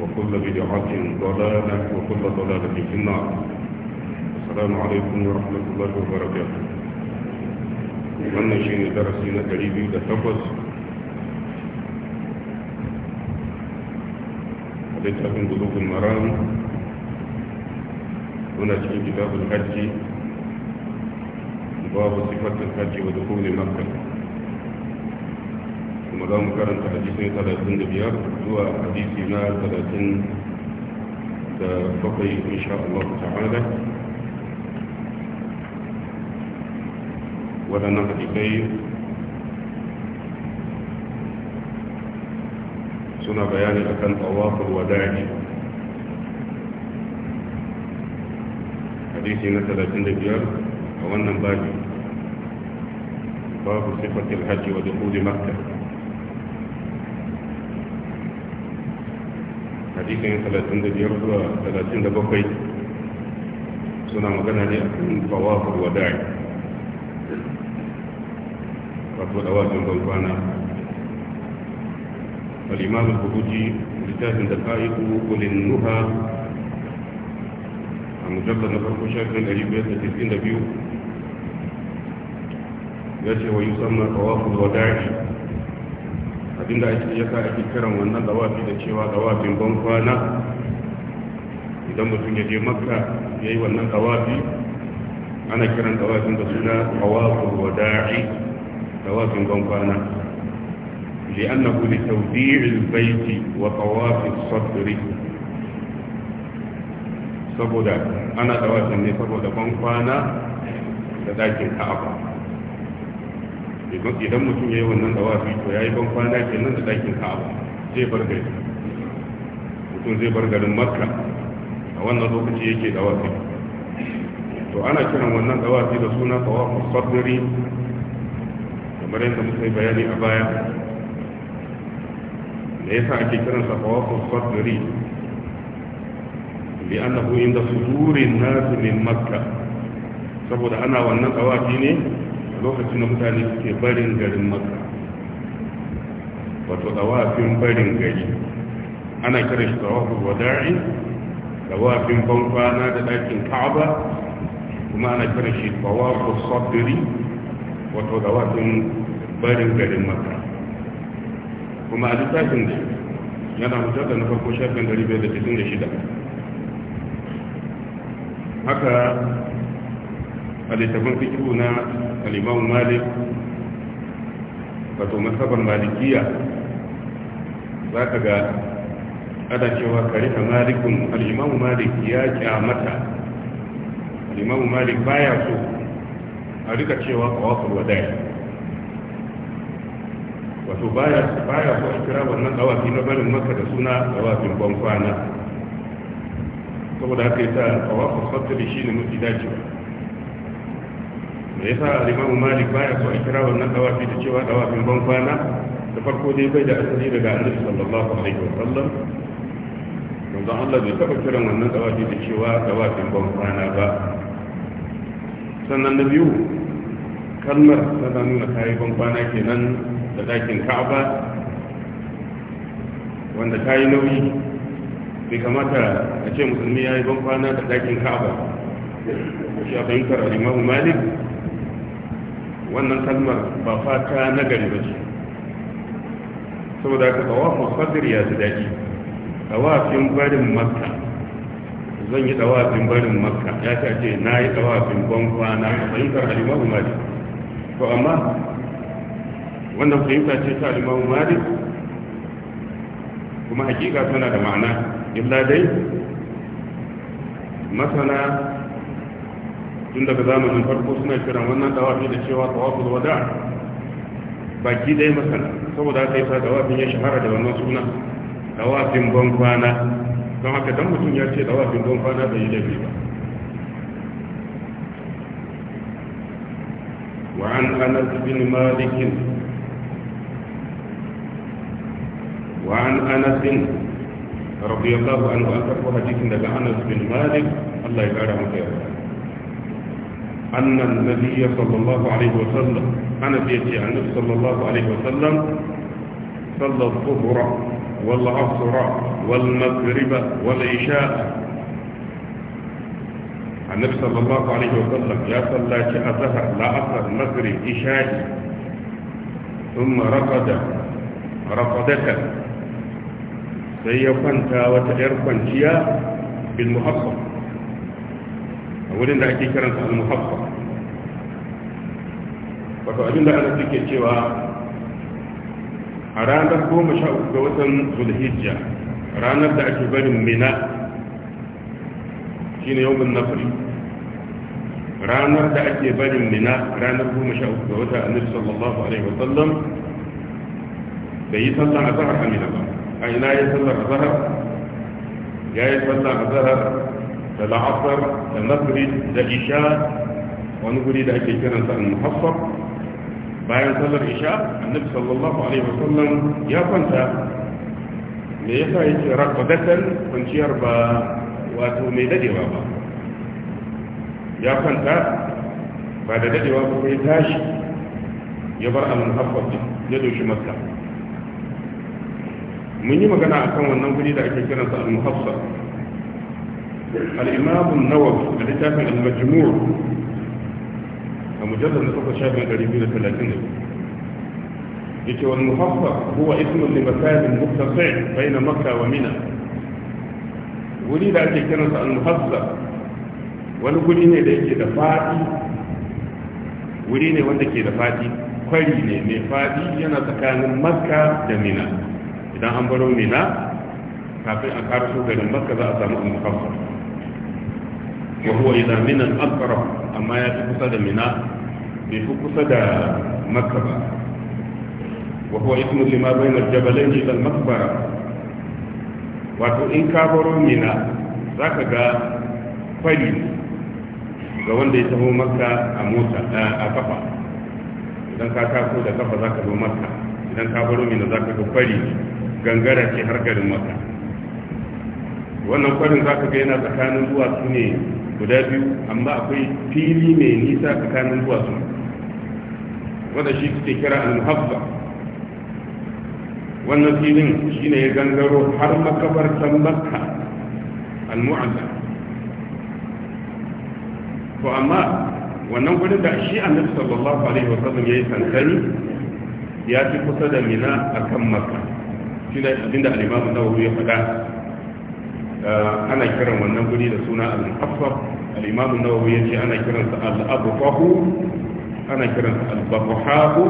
وكل بدعة ضلالة وكل ضلالة في النار السلام عليكم ورحمة الله وبركاته من درسين درسينا قريبي لتفز وليت لكم قلوب المرام هنا كتاب الحج باب صفات الحج ودخول مكة كما قام كان حديثي ثلاثين دبيار هو حديثي ما ثلاثين فقي إن شاء الله تعالى ولنا حديثين سنة بيان لكن طواف وداعي حديثي ما ثلاثين دبيار وانا باقي باب صفة الحج ودخول مكة hadisin 35 zuwa 37 suna magana ne a kan tawafin wada'i wato da wajen bankwana al'imam al-hukuji littafin da ka yi kulin nuha a mujabba na farko shafin 592 ya ce wa yi samar tawafin wada'i abinda ya sa ake kiran wannan dawafi da cewa dawafin ban kwana idan mutum ya je makka ya yi wannan dawafi ana kiran dawafin da suna dawafin wada'i dawafin ban kwana لأنه لتوديع wa وطواف الصدر saboda ana dawafin ne saboda ban kwana da dakin ka'aba idan mutum ya yi wannan wafi to ya yi ban kwana ke nan da ɗakin ka'aba zai bar gari mutum zai bar garin makka a wannan lokaci yake wafi to ana kiran wannan wafi da suna tawafin sadari kamar yadda muka yi bayani a baya da yasa ake kiransa tawafin sadari inda su صدور nasu من مكة saboda ana wannan tsawafi ne lokacin da mutane suke barin garin maka wato tsawafin barin gari ana kira shi tsawafin wada'i tsawafin bankwana da ɗakin ka'aba kuma ana kira shi tsawafin sabiri wato tsawafin barin garin maka kuma a littafin da yana mutar da na farko shafin 596 haka a littafin fikihu na alimamu malik wato masabar malikiya za ka ga ana cewa karika malikun alimamu malik ya kyamata alimamu malik baya so a rika cewa kawafin wadai wato baya so a kira wannan kawafi na barin maka da suna kawafin bankwana saboda haka yi ta kawafin sabtali shi ne mafi dacewa ya sa limamu malik baya so a kira wannan dawafi da cewa dawafin ban kwana da farko dai bai da asali daga annabi sallallahu alaihi wa sallam manzon Allah bai taba kiran wannan dawafi da cewa dawafin ban kwana ba sannan na biyu kalmar tana nuna kayi ban kwana kenan da dakin ka'aba wanda ta yi nauyi bai kamata a ce musulmi ya yi ban kwana da dakin ka'aba shi a fahimtar alimahu malik wannan kalmar ba fata na gari ba ce saboda ka tawafin fadir ya ji daɗi tawafin barin makka zan yi tawafin barin makka ya ta ce na yi tawafin gwamfana na fahimtar alimahu mali to amma wannan fahimta ce ta alimahu mali kuma hakika tana da ma'ana illa dai masana tun daga zamanin farko suna kiran wannan dawafi da cewa tawafin wada baki dai masana saboda aka yi sa dawafin ya shahara da wannan suna dawafin ban kwana don haka dan mutum ya ce dawafin ban kwana bai yi laifi ba Wa an وعن أنس بن an وعن أنس رضي الله عنه أكبر حديث عن أنس بن مالك الله يبارك فيه أن النبي صلى الله عليه وسلم أنا بيتي عن النبي صلى الله عليه وسلم صلى الظهر والعصر والمغرب والعشاء النبي صلى الله عليه وسلم يا صلى لا العصر مغرب عشاء ثم رقد رقدك سيقنتا وتعرفا إرقا بالمحصن a wurin da ake kiransa al-muhaffa wato abin da ana suke cewa a ranar goma sha uku ga watan zulhijja ranar da ake barin mina shine yawon nafari ranar da ake barin mina ranar goma sha uku ga wata annabi sallallahu alaihi wa sallam bai yi sallar a a Amina ba a ina ya a azhar ya yi a azhar da la'asar da nasri da isha wani guri da ake kiransa al-muhassab bayan sallar isha annabi sallallahu alaihi wa wasallam ya kwanta me yasa yake rakwadatan kwanciyar ba wato mai dadewa ba ya kwanta ba da dadewa ba sai tashi ya bar al-muhassab ya doshi makka mun yi magana akan wannan guri da ake kiransa al-muhassab al'imamun nawar da littafin al-majmur a mujallar na saba shafin ɗari biyu da talatin ne yake wani muhaffa huwa ismun li masalin muktasai bai na makka wa mina wuri da ake kiransa al-muhaffa wani da yake wuri ne wanda ke da faɗi kwari faɗi yana tsakanin makka da mina idan an baro mina kafin an karaso garin makka za a samu al ya huwa ila minan aqrab amma ya fi kusa da mina bai fi kusa da makka ba wa huwa ismu lima bayna al-jabalayn ila al-maqbara wato in ka baro mina zaka ga fari ga wanda ya taho makka a mota a kafa idan ka tako da kafa zaka zo makka idan ka baro mina zaka ga fari gangara ce har garin makka wannan kwarin za ka ga yana tsakanin duwatsu ne guda biyu amma akwai fili mai nisa tsakanin zuwa su wanda shi suke kira al-muhabba wannan filin shi ne ya gangaro har makabartar makka al-mu'azza to amma wannan gudun da shi annabi sallallahu alaihi wa sallam ya yi sansani ya ci kusa da mina akan makka shi ne abinda al-imam nawawi ya faɗa ana kiran wannan guri da suna al-muhaffaf al-imam an-nawawi yace ana kiransa al-abqahu ana kiransa al-babhahu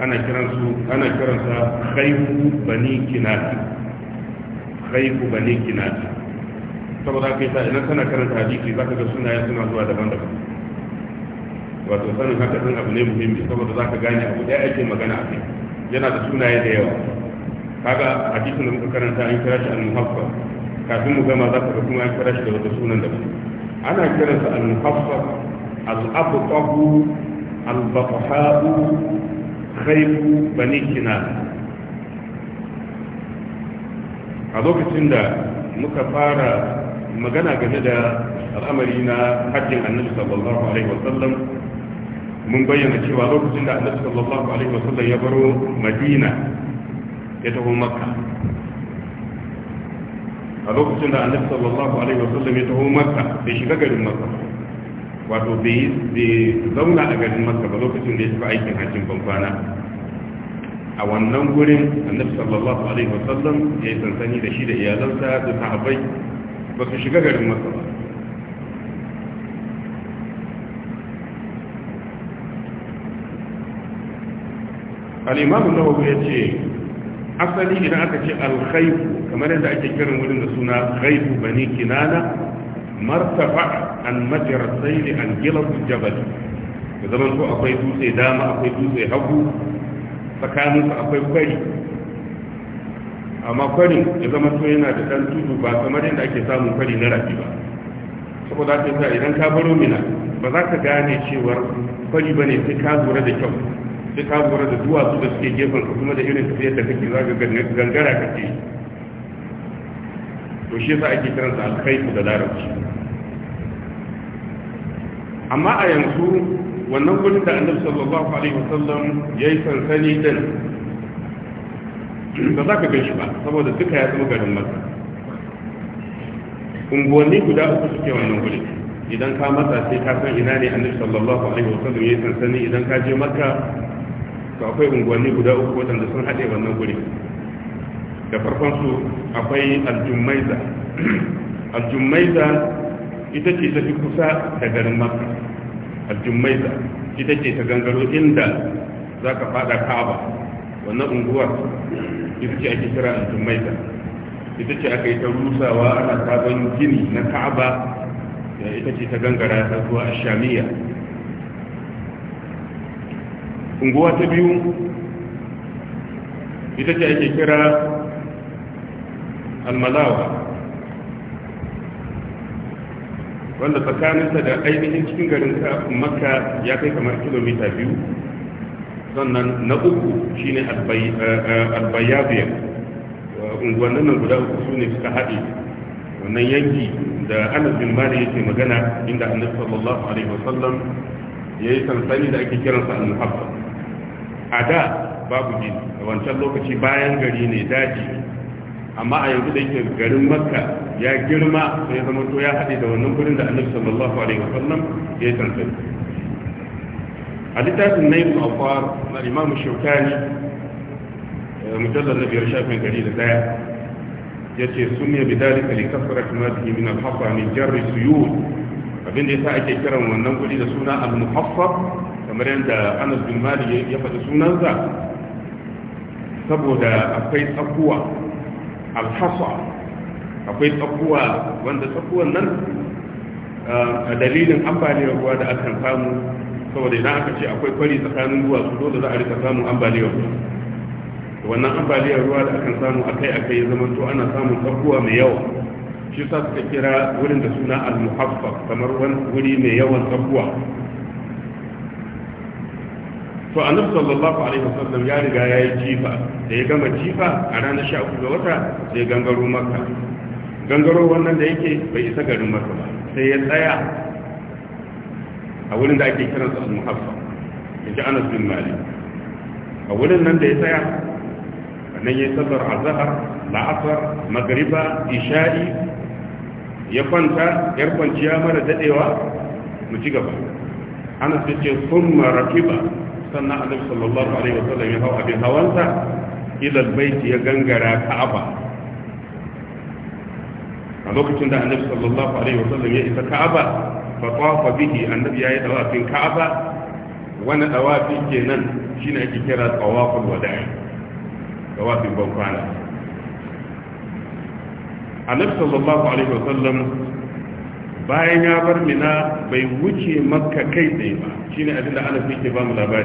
ana su ana kiransa khayfu bani kinat khayfu bani kinat saboda kai sai idan kana karanta hadisi zaka ga sunaye suna zuwa daban-daban wato sanin haka din abu ne muhimmi saboda zaka gane abu da yake magana a kai yana da sunaye da yawa kaga hadisin da muka karanta an kira shi al-muhaffaf kafin mu gama za ka ga kuma an kira shi da wata sunan da ana kiransa al-muhaffar al-abqahu al-baqahu khayfu bani kinana a lokacin da muka fara magana game da al'amari na hajjin annabi sallallahu alaihi wasallam mun bayyana cewa lokacin da annabi sallallahu alaihi wasallam ya baro madina ya taho makka a lokacin da annabi sallallahu alaihi wasallam ya taho makka bai shiga garin makka wato bai zauna a garin makka ba lokacin da ya tafi aikin hajjin bankwana a wannan gurin annabi sallallahu alaihi wasallam ya yi sansani da shi da iyalansa da sahabbai ba su shiga garin makka ba al-imam an-nawawi ce? asali idan aka ce alkhaifu kamar yadda ake kiran wurin da suna khaifu bani kinana martafa an majarar saili an gilar jabal da zaman ko akwai dutse dama akwai dutse hagu tsakaninsu akwai kwari amma kwarin ya zama to yana da dan tudu ba kamar yadda ake samun kwari na rafi ba saboda sa idan ka baro mina ba za ka gane cewar kwari ne sai ka lura da kyau sai ka gura da duwatsu da suke gefen ka kuma da irin tafiyar da kake za ka gangara ce to shi yasa ake sa alkhaifu da larabci amma a yanzu wannan gudun da annabi sallallahu alaihi wasallam yayi sansani din ba za ka gan shi ba saboda duka ya zama garin masa unguwanni guda uku suke wannan gudun idan ka matsa sai ka san ina ne annabi sallallahu alaihi wasallam yayi sansani idan ka je makka to akwai unguwanni guda uku wadanda sun haɗe wannan guri da farkon su akwai aljummaiza aljummaiza ita ce ta fi kusa da garin maka aljummaiza ita ce ta gangaro inda za ka fada ka'aba wannan unguwa ita ce ake kira aljummaiza ita ce aka yi ta rusawa ana sabon gini na ka'aba ita ce ta gangara ta zuwa ashamiya unguwa ta biyu ita ce ake kira almalawa wanda tsakaninsa da ainihin cikin garin makka ya kai kamar kilomita biyu sannan na uku shine eh, albayabiyar unguwannin nan guda uku su ne suka haɗe wannan yanki da anas bin mali yake magana inda annabi sallallahu alaihi wasallam ya yi sansani da ake kiransa al-muhabba a da babu gini a wancan lokaci bayan gari ne daji amma a yanzu da yake garin makka ya girma sai zama to ya haɗe da wannan gurin da annabi sallallahu alaihi wasallam ya tantance a littafin nayin alfar na imamu shaukani eh, mujallar na biyar shafin gari da daya ya ce sun yabi dalika li kafarat ma yi min al-hafa min jarri suyud abin da yasa ake kiran wannan guri da suna al-muhaffaf kamar yadda anas bin mali ya faɗi sunansa saboda akwai tsakuwa alhasa akwai tsakuwa wanda tsakuwan nan a dalilin ambaliyar ruwa da akan samu saboda idan aka ce akwai kwari tsakanin ruwa su dole za a rika samun ambaliyar ruwa wannan ambaliyar ruwa da akan samu akai akai ya zama to ana samun tsakuwa mai yawa shi sa suka kira wurin da suna al-muhaffaf kamar wani wuri mai yawan tsakuwa to annabi sallallahu alaihi wasallam ya riga ya yi jifa da ya gama jifa a ranar sha uku ga wata sai gangaro maka gangaro wannan da yake bai isa garin maka ba sai ya tsaya a wurin da ake kiran sa muhaffa in ji anas bin malik a wurin nan da ya tsaya nan ya a azhar la'asar magriba isha'i ya kwanta yar kwanciya mara dadewa mu ci gaba anas ya ce sun marakiba sannan annabi sallallahu alaihi wasallam ya hau abin hawansa ila baiti ya gangara ka'aba a lokacin da annabi sallallahu alaihi wasallam ya isa ka'aba fa tawafa bihi annabi yayi tawafin ka'aba wani tawafi kenan shine ake kira tawaful wada'i tawafin ban kwana annabi sallallahu alaihi wasallam bayan ya bar mina bai wuce makka kai tsaye ba shine abin da ana yake ba mu labari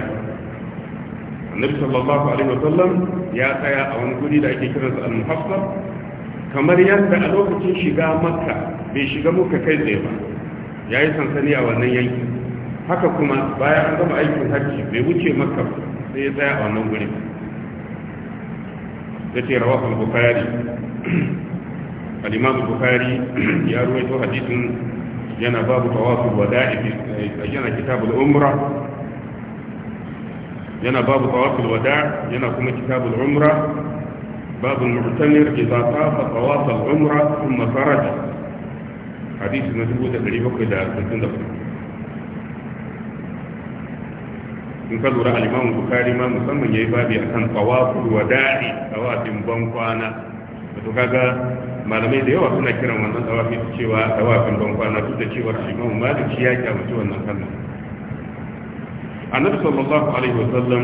annabi sallallahu alaihi wa sallam ya tsaya a wani guri da ake kiransa al-muhassab kamar yadda a lokacin shiga makka bai shiga makka kai tsaye ba yayi sansani a wannan yanki haka kuma bayan an gama aikin hajji bai wuce makka sai ya tsaya a wannan gurin ce rawahu al-bukhari الإمام البخاري يروي حديث جنى باب طواف الوداع جنى كتاب العمرة جنى باب طواف الوداع جنى كما كتاب العمرة باب المعتمر إذا طاف طواف العمرة ثم خرج حديث نسبه تقريبا كده سنتين in ka lura alimamu bukari ma musamman ya yi babi a kan tsawafin wadaɗi a wasan ban kwana wato kaga malamai da yawa suna kiran wannan tawafi cewa tawafin ban kwana duk da cewa Imam Malik ya kyamaci wannan sallah Annabi sallallahu alaihi wasallam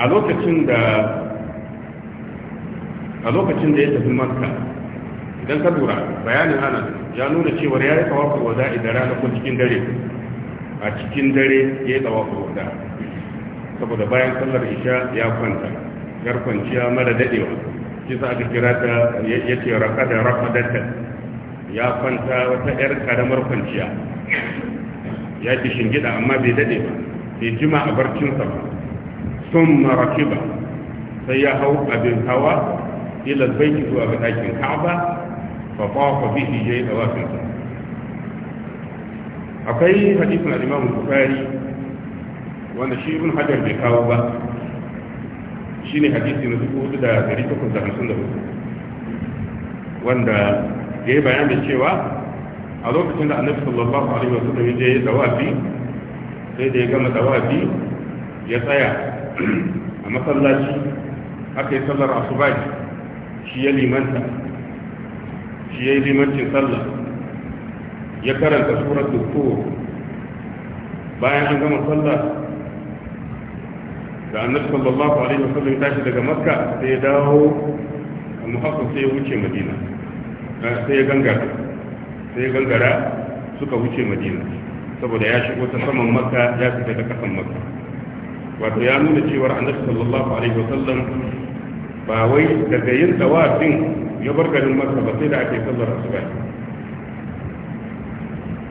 a lokacin da a lokacin da ya tafi Makka idan ka lura bayanin ana ya nuna cewa ya yi tawafin wada'i da rana ko cikin dare a cikin dare ya yi tawafin wada, saboda bayan sallar isha ya kwanta yar kwanciya mara dadewa shi a aka kira ta yace raqada ramadatan ya kwanta wata yar karamar kwanciya ya ki shingida amma bai dade ba bai jima a barcinsa ba sun marakiba sai ya hau abin hawa ila baiki zuwa ga dakin ka'aba fa tawafa bihi yayi tawafin akwai hadisin al-Imam Bukhari wanda shi ibn Hajar bai kawo ba ne hadisi na dubu hudu da dari takwas da hamsin da hudu wanda ya yi bayanin cewa a lokacin da annabi sallallahu alaihi wasallam ya je dawafi sai da ya gama dawafi ya tsaya a masallaci aka yi sallar asubahi shi ya limanta shi ya yi limancin sallah ya karanta suratul tur bayan an gama sallah da annabi sallallahu alaihi wasallam tashi daga makka sai ya dawo muhakkam sai ya wuce madina sai ya gangara sai ya gangara suka wuce madina saboda ya shigo ta saman makka ya fita da kasan makka wato ya nuna cewar annabi sallallahu alaihi wasallam ba wai daga yin tawafin ya bar garin makka ba sai da aka yi sallar asuba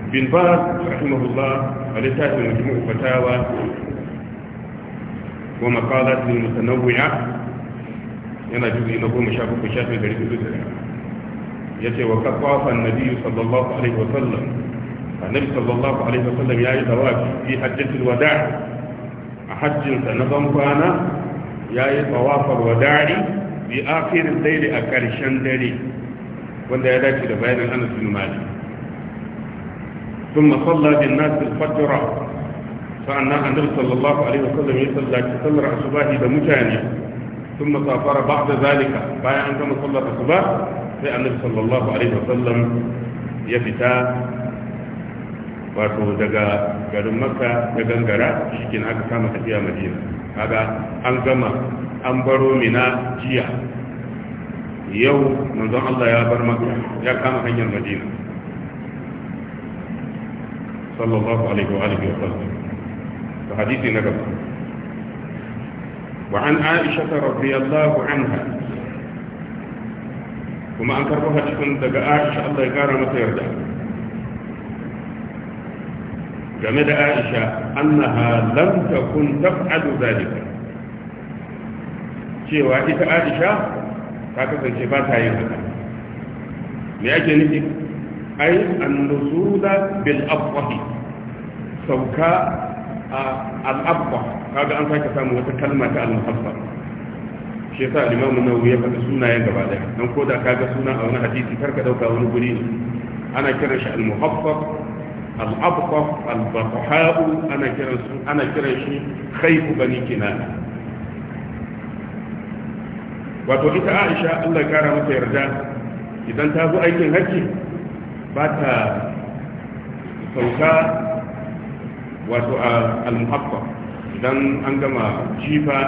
bin ba rahimahullah a littafin majmu'u fatawa ومقالات متنوعة ينا جزء نقول مشاكل مشاكل غير جزء يتي وقد طاف النبي صلى الله عليه وسلم النبي صلى الله عليه وسلم يا يتواف في حجة الوداع حج تنظم فانا يا يتواف الوداع في آخر الليل أكال الشندري وانا يلاتي لبين أنس بن مالك ثم صلى للناس الفجر sa'annan annabi sallallahu alaihi wasallam ya sallaci sallar asubahi da mutane ثم سافر بعد ذلك بعد أن كما صلى الصباح sai annabi sallallahu alaihi wasallam ya fita wato daga garin makka na gangara shikin aka kama tafiya madina kaga an gama an baro mina jiya yau manzon Allah ya bar makka ya kama hanyar madina sallallahu alaihi wa alihi wa sallam حديث نبي وعن عائشة رضي الله عنها وما أنكرها تكون دقاء عائشة الله يقارن متيردا game da aisha annaha lam takun taf'alu zalika cewa ita aisha ta kasance ba ta yin haka me ake ai an sauka al'abba kaga an sake samu wata kalma ta al-muhabba shi yasa al-imam nawawi ya faɗa sunayen gaba daya dan ko da kaga suna a wani hadisi karka dauka wani guri ana kiran shi al-muhabba al-abqa al-bathaa ana kiran su ana kiran shi khayf bani kinana wato ita Aisha Allah ya kara mata yarda idan ta zo aikin hajji ba ta sauka wato al-muhabba idan an gama jifa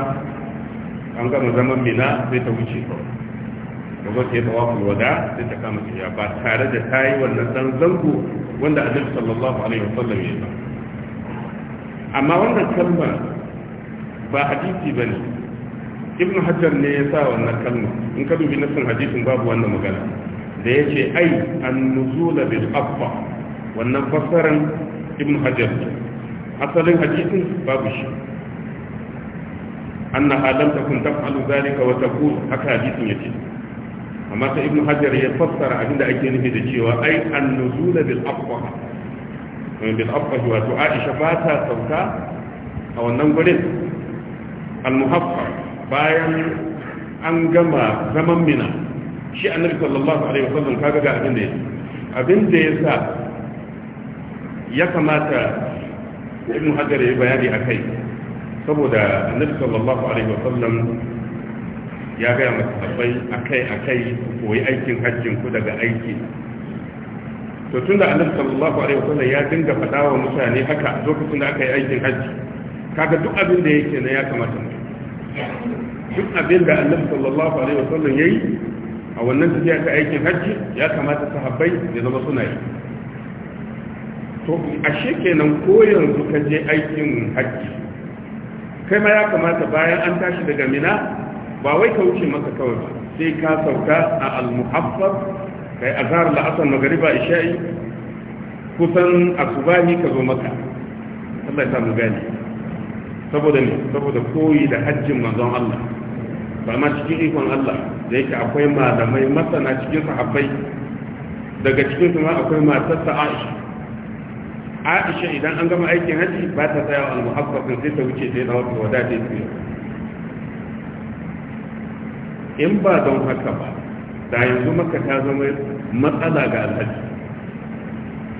an gama zaman mina sai ta wuce kawai da wata ya tawafin wada sai ta kama tafiya ba tare da ta yi wannan dan zango wanda annabi sallallahu alaihi wasallam ya ba amma wannan kalma ba hadisi ne, Ibn hajar ne ya sa wannan kalma in ka dubi nassin hadisin babu wannan magana da ya ce ai an nuzula bil abba wannan fassaran Ibn hajar ne asalin hadisin babu shi An anna halam takun taf'alu zalika wata taqul haka hadisin ce. amma sai Ibn hajar ya fassara abinda ake nufi da cewa ai an-nuzul bil aqwa bil aqwa wa to Aisha ba ta sauka a wannan gurin al-muhaffar bayan an gama zaman mina shi annabi sallallahu alaihi wasallam kaga ga abin da yake abin da yasa ya kamata da ibn hajar ya bayani a kai saboda annabi sallallahu alaihi wa sallam ya gaya masu tabbai a kai a kai koyi aikin hajjin ku daga aiki to tun da annabi sallallahu alaihi wa sallam ya dinga faɗa wa mutane haka lokacin da aka yi aikin hajji kaga duk abin da yake na ya kamata duk abin da annabi sallallahu alaihi wa sallam yayi a wannan tafiya ta aikin hajji ya kamata sahabbai ya zama suna yi to ashe kenan ko yanzu ka je aikin hajji kai ma ya kamata bayan an tashi daga mina ba wai ka wuce maka kawai ba sai ka sauka a al-muhaffaf kai azhar la'asar magariba isha'i kusan asubahi ka zo maka Allah ya samu gani saboda ne saboda koyi da hajjin manzon Allah ba ma cikin ikon Allah da yake akwai malamai masana cikin sahabbai daga cikin su ma akwai matar Aisha aisha idan an gama aikin haji ba ta tsaya wa muhaffafin sai ta wuce sai da wata wada ta biyu in ba don haka ba da yanzu maka ta zama matsala ga alhaji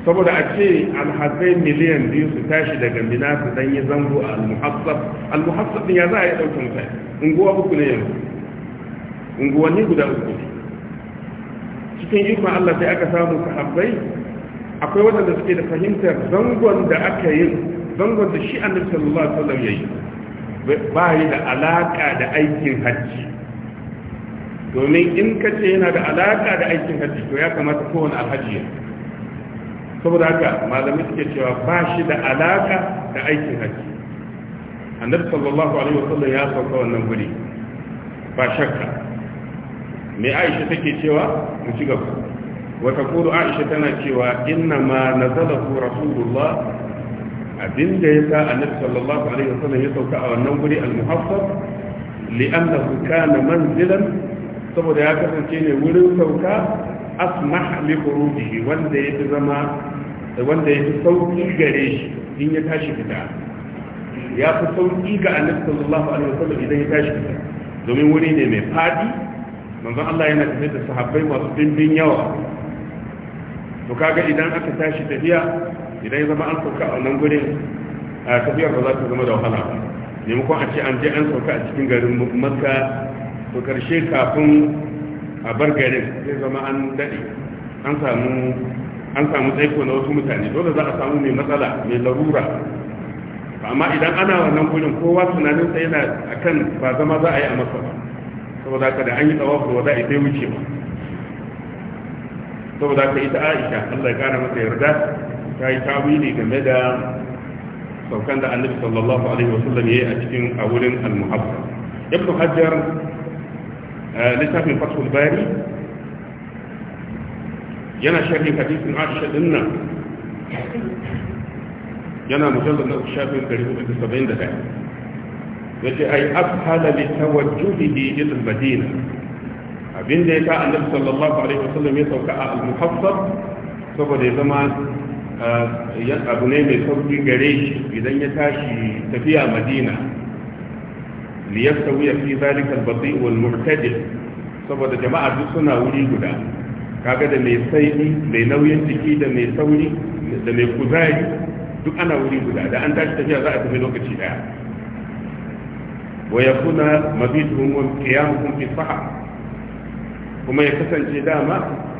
saboda a ce alhazai miliyan biyu su tashi daga mina su dan yi zango a al-muhaffaf ya za a yi ɗaukin kai unguwa uku ne yanzu unguwanni guda uku ne cikin ikon Allah sai aka samu sahabbai akwai waɗanda suke da fahimtar zangon da aka yi zangon da shi annabi sallallahu alaihi wasallam yayi ba yi da alaka da aikin hajji domin in ka ce yana da alaka da aikin hajji to ya kamata kowane alhaji ya saboda haka malamai suke cewa ba shi da alaka da aikin hajji annabi sallallahu alaihi wasallam ya sauka wannan guri ba shakka me aisha take cewa mu ci gaba وتقول عائشة تنكيوا إنما نزله رسول الله أبن جيسا النبي صلى الله عليه وسلم يتوكا على النور لأنه كان منزلا saboda ya kasance ne wurin sauka asmah li khurujihi wanda yake zama wanda yake sauki gare shi in ya tashi fita ya fi sauki ga annabi sallallahu alaihi wasallam idan ya tashi fita domin wuri ne mai fadi manzon Allah yana tafiya da masu dimbin yawa to kaga idan aka tashi tafiya idan ya zama an sauka a wannan gurin a tafiyar ba za ta zama da wahala ba maimakon a ce an je an sauka a cikin garin makka to karshe kafin a bar garin zai zama an daɗe an samu an samu tsaiko na wasu mutane dole za a samu mai matsala mai larura amma idan ana wannan gurin kowa tunanin sa yana akan ba zama za a yi a masa saboda haka da an yi tsawon wada ita wuce ba saboda ka ita aisha Allah ya kara mata yarda ta yi tawili game da saukan da annabi sallallahu alaihi wasallam yayi a cikin a wurin al-muhabba ibn hajjar littafin fathul bari yana sharhi hadisin aisha dinna yana mujallar na shafin 471 yace ai afhala li tawajjuhi ila al-madina abin da ya sa annabi sallallahu alaihi wasallam ya sauka a al-muhaffaf saboda ya zama eh, yan abu ne mai sauki gare shi idan ya tashi tafiya madina liyastawi fi zalika al-bati wal mu'tadil saboda jama'a duk suna wuri guda kaga da mai saidi mai nauyin jiki da mai sauri da mai kuzari duk ana wuri guda da an tashi tafiya za a tafi lokaci daya wa yakuna mabituhum wa qiyamuhum fi sahab kuma ya kasance dama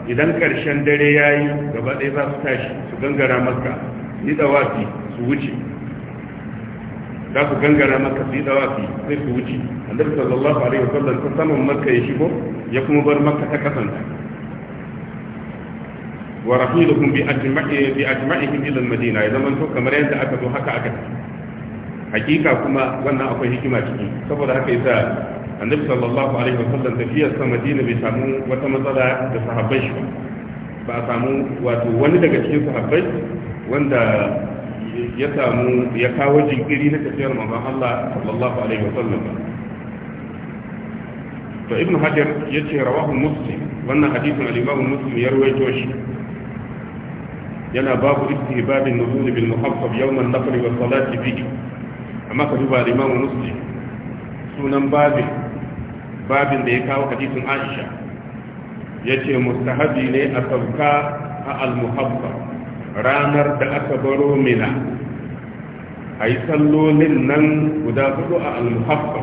idan ƙarshen dare ya yi gaba ɗaya za su tashi su gangara maka yi dawafi su wuce za su gangara maka su yi dawafi sai su wuce annabi sallallahu alaihi wasallam ta saman maka ya shigo ya kuma bar maka ta kasanta wa rahilukum bi ajma'i bi ajma'ihim ila al-madina ya zaman to kamar yadda aka zo haka aka hakika kuma wannan akwai hikima ciki saboda haka yasa annabi sallallahu alaihi wasallam tafiyar sa madina bai samu wata matsala da sahabbai shi ba a samu wato wani daga cikin sahabbai wanda ya samu ya kawo jinkiri na tafiyar manzon Allah sallallahu alaihi to ibn hajar yace rawahu muslim wannan hadisin al-imam muslim ya rawaito shi yana babu istihbabin nuzul bil yawm an wa salati bihi amma al-imam muslim sunan babin babin da ya kawo hadisin aisha ya ce mustahabi ne a sauka a almuhabba ranar da aka baro mina a yi sallolin nan guda hudu a almuhabba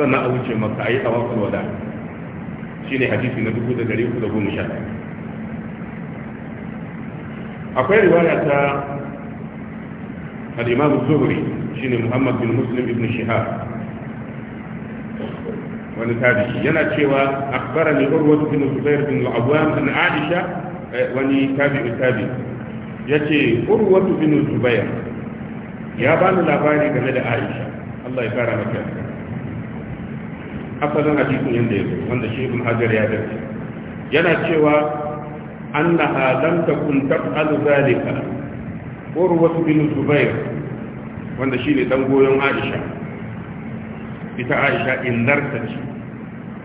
sana a wuce maka a yi tawafin wada shi ne hadisi na 3,311 akwai riwaya ta al-imam zuhuri shi ne muhammad bin muslim ibn shihab wani tabi'i yana cewa akbarani urwatu bin zubair bin al-awwam an aisha eh, wani tabi'u tabi yace urwatu bin zubair ya bani labari game da aisha Allah ya fara maka asalin hadisin yanda yake wanda shi ibn hajar ya dace yana cewa annaha lam takun taf'alu zalika urwatu bin zubair wanda shi ne dan goyon aisha ita aisha in indarta ce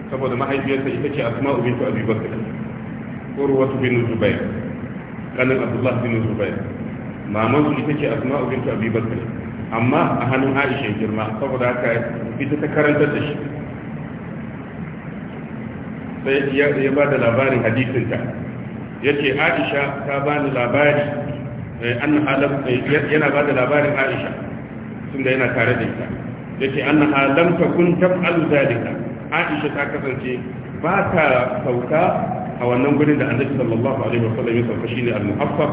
saboda mahaifiyarsa ita ce asma'u bintu abi bakr urwatu bin zubair kanin abdullah bin zubair maman su ita ce asma'u bintu abi bakr amma a hannun aisha girma saboda haka ita ta karantar da shi sai ya ba da labarin hadisinta ya ce aisha ta ba ni labari eh, eh, yana ba da labarin aisha sun da yana tare da ita ya ce an halamta kun tab'al zalika aisha ta kasance ba ta sauka a wannan gurin da annabi sallallahu alaihi wasallam ya sauka shine al-muhaffaf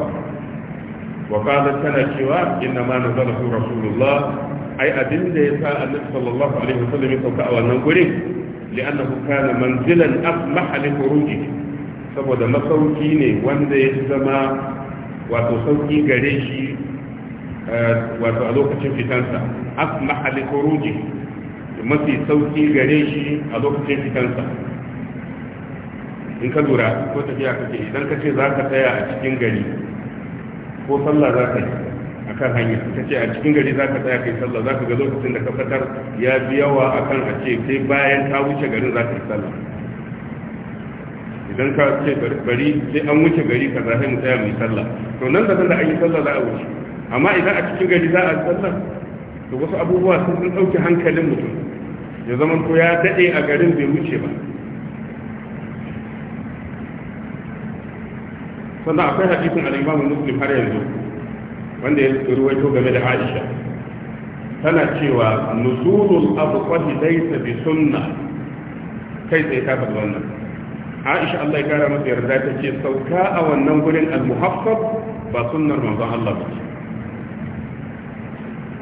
wa qalat tana cewa inna ma nazalahu rasulullah ai abin da ya sa annabi sallallahu alaihi wasallam ya sauka a wannan gurin li'annahu kana manzilan asmaha li khurujihi saboda masauki ne wanda ya zama wato sauki gare shi eh, wato a lokacin fitansa asmaha li khurujihi mafi sauki gare shi a lokacin fitansa in ka lura ko tafiya kake idan ka ce za ka tsaya a cikin gari ko sallah za ka yi a kan hanya ka ce a cikin gari za ka tsaya kai sallah za ka ga lokacin da ka fitar ya bi yawa a kan a ce sai bayan ta wuce garin za ka yi sallah idan ka ce bari sai an wuce gari ka zafi mu tsaya mu yi sallah to nan da da an yi sallah za a wuce amma idan a cikin gari za a sallah to wasu abubuwa sun ɗauki hankalin mutum ya zama ko ya daɗe a garin bai wuce ba sannan akwai hadisin al'imamu muslim har yanzu wanda ya ruwaito game da aisha tana cewa nusulul abqati laysa bi sunna kai sai ta faɗi wannan aisha Allah ya kara masa yarda ta ce sauka a wannan gurin al-muhaffaf ba sunnar manzon Allah ba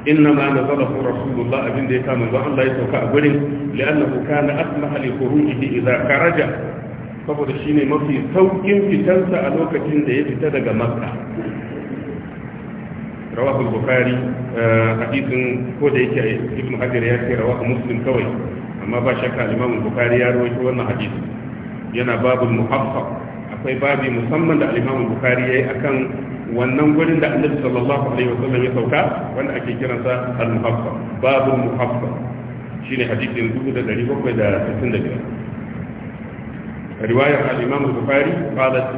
inna ma nazalahu rasulullah abin da ya kama ba Allah ya sauka a gurin li'annahu kana asmaha li khurujihi idza kharaja saboda ne mafi saukin fitansa a lokacin da ya fita daga makka rawahu bukhari hadisin ko da yake ibnu hajar ya ce rawahu muslim kawai amma ba shakka imamu bukhari ya rawaito wannan hadisi yana babul muhaffaq akwai babi musamman da al-imamu bukhari yayi akan wannan gurin da annabi sallallahu alaihi wasallam ya sauka wanda ake kiransa al-muhaffa babu muhaffa shine hadisin 1765 riwayar al-imam al-bukhari qalat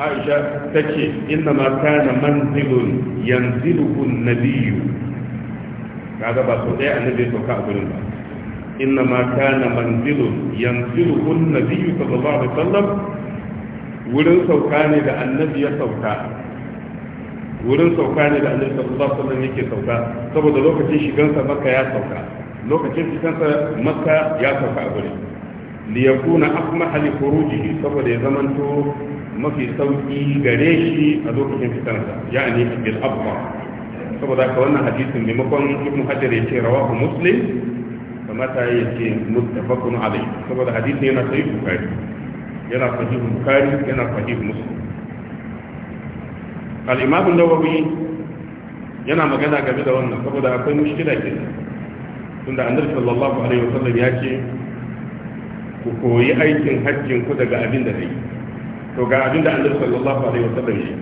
aisha tace inna ma kana manzilun yanziluhu an-nabiy kaga ba so dai annabi ya sauka a gurin ba inna ma kana manzilun yanziluhu an-nabiy sallallahu alaihi wasallam wurin sauka ne da annabi ya sauka wurin sauka ne da annabi sallallahu alaihi wasallam yake sauka saboda lokacin shigansa makka ya sauka lokacin shigansa makka ya sauka a gurin li yakuna akmaha li khurujihi saboda ya zamanto mafi sauki gare shi a lokacin fitarsa ya'ani bil abba saboda ka wannan hadisin maimakon ibnu hajar ya ce rawahu muslim kamata ya ce muttafaqun alayhi saboda hadisin yana sahih bukhari yana sahih bukhari yana sahih muslim al-imamu yana magana game da wannan saboda akwai mushkila ke tunda annabi sallallahu alaihi wasallam ya ce ku koyi aikin hajjin ku daga abin da dai to ga abin da annabi sallallahu alaihi wasallam ya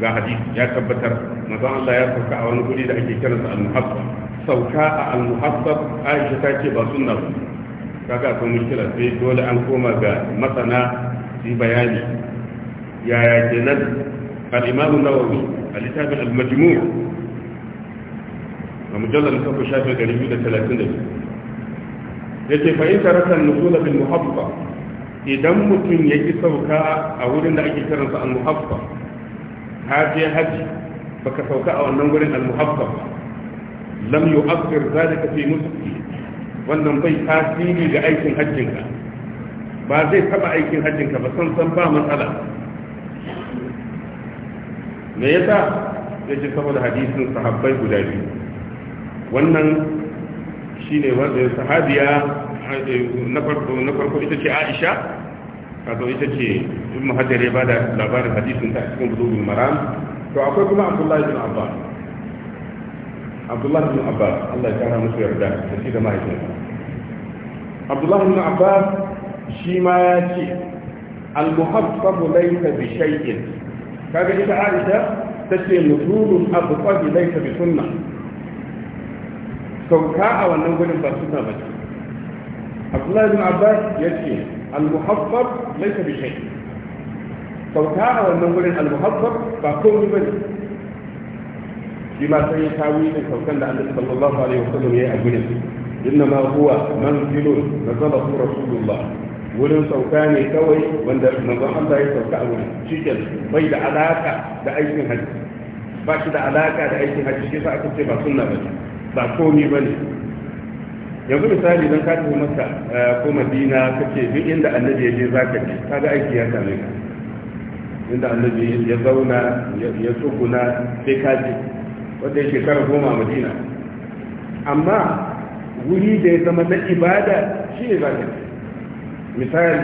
ga hadisi ya tabbatar manzon Allah ya sauka a wani guri da ake kiransa al-muhassab sauka a al-muhassab Aisha ta ce ba sunna ba kaga akwai mushkila sai dole an koma ga masana su bayani yaya kenan الإمام النووي الكتاب المجموع ومجلد الكتاب الشافعي قريب من 30 دقيقة yace fa in taraka an-nusul bil muhabba idan mutum yake sauka a wurin da ake kiransa al-muhabba haje haji baka sauka a wannan wurin wannan bai tasiri ga aikin hajjinka ba zai taba aikin hajjinka ba san san ba matsala me yasa yace saboda hadisin sahabbai guda biyu wannan shine wanda sahabiya eh, na farko ita ce Aisha kazo ita ce Ibn Hajar ya da labarin hadisin ta cikin Bulughul Maram to akwai kuma Abdullahi bin Abba. Abdullahi bin Abba, Allah ya kara musu yarda da shi da mahaifinsa Abdullahi bin Abba shi ma ya ce al-muhaffaf laysa bi shay'in kaga ita aisha ta ce nuzulun abu tsabi laisa bi sunna sauka a wannan gudun ba sunna ba ce abdullahi bin abbas ya ce al-muhaffab laisa bi shay sauka a wannan gudun al-muhaffab ba komai ba ne shi ma sai ya tawi da saukan da annabi sallallahu alaihi wasallam ya yi a gudun inna ma huwa manzilun nazalahu rasulullah wurin sauka ne kawai wanda manzon Allah ya sauka a wurin cikin bai da alaka da aikin hajji ba shi da alaka da aikin hajji shi sa aka ce ba sunna ba ba komi ba ne yanzu misali don ka tafi maka eh, ko madina ka ce duk inda annabi ya je za ka je ga aiki ya same ka inda annabi ya zauna ya tsuguna sai ka je wanda ya shekara goma madina amma wuri da ya zama na ibada shi ne za ka je misali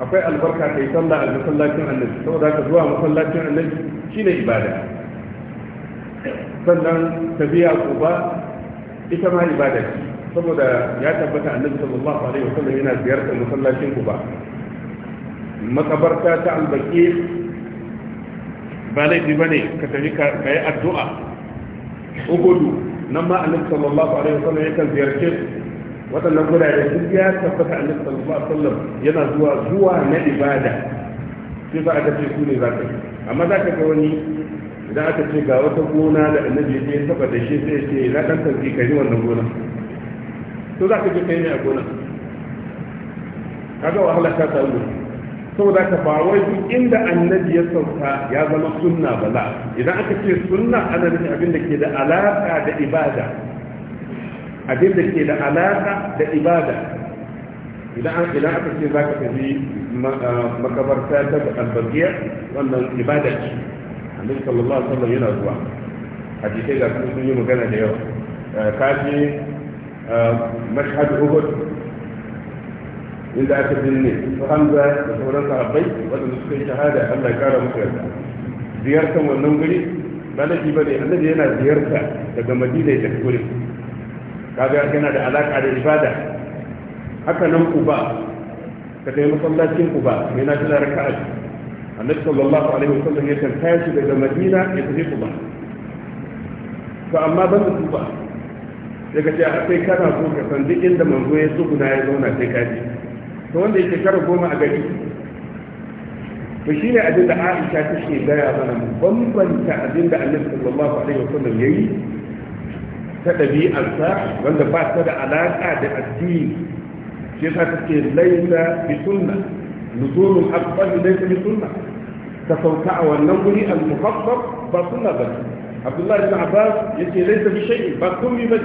akwai albarka ka yi sallah a masallacin annabi saboda ka zuwa masallacin annabi shine ibada sannan tafiya ba ita ma ibada ce saboda ya tabbata annabi sallallahu alaihi wasallam yana ziyartar masallacin ku ba. makabarta ta albaki ba laifi ba ne ka tafi ka yi addu'a ugudu nan ma annabi sallallahu alaihi wasallam yakan ziyarce waɗannan gurare duk ya tabbata a nufin sallallahu alaihi wasallam yana zuwa zuwa na ibada sai za a ga su ne za ka yi amma za ka ga wani idan aka ce ga wata gona da annabi ya je saba da shi sai ya ce na dan ka yi wannan gona to za ka je kai ne a gona kaga wahala ta samu saboda ka ba wai duk inda annabi ya sauka ya zama sunna bala idan aka ce sunna ana nufin abin da ke da alaƙa da ibada abin da ke da alaka da ibada idan an aka ce za ka tafi makabarta ta albagiya wannan ibada ce annabi sallallahu alaihi wasallam yana zuwa hadisai ga sun yi magana da yawa kaji mashhad uhud inda aka binne su hamza da sauran sahabbai wadanda suka yi shahada Allah ya kara musu yarda ziyartar wannan guri ba na ba ne, annabi yana ziyarta daga madina ya tafi gurin kaga yana da alaka da ibada haka nan uba ka tafi masallacin uba mai na tana raka a annabi sallallahu alaihi wasallam ya kan tashi daga madina ya tafi ba? to amma ban da uba sai ka ce a kai kana so ka san duk inda manzo ya tsuguna ya zauna sai ka ji to wanda yake karo goma a gari to shi ne abinda aisha take gaya mana bambanta abinda annabi sallallahu alaihi wasallam yayi ta ɗabi'arsa wanda ba ta da alaƙa da addini shi yasa take laila bi sunna nuzulul aqbal laysa bi sunna ta sauka a wannan guri al muhaffaf ba sunna ba Abdullahi ibn Abbas yace laysa bi shay'in ba komai ba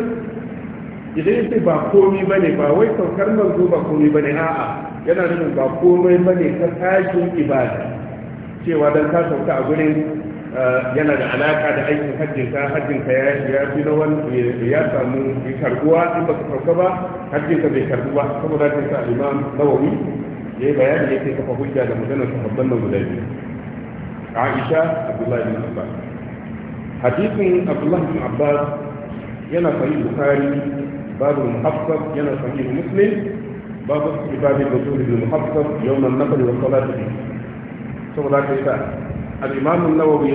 idan yace ba komai ne ba wai saukar manzo ba komai ne? a'a yana nufin ba komai ba ne ta tashin ibada cewa dan ka sauka a gurin yana da alaka da aikin hajjinka hajjinka ya fi na wani ya samu karbuwa in ba su karbu ba hajjinka bai karbu ba saboda ta sa imam nawawi ya yi bayani ya kai kafa hujja da maganar sahabban nan guda biyu aisha abdullahi bin abbas hadisin abdullahi bin abbas yana sahih bukhari babu muhaffaf yana sahih muslim babu kitabin rasul bin muhaffaf yawm an-nafl wa salatu saboda ta sa al-imam an-nawawi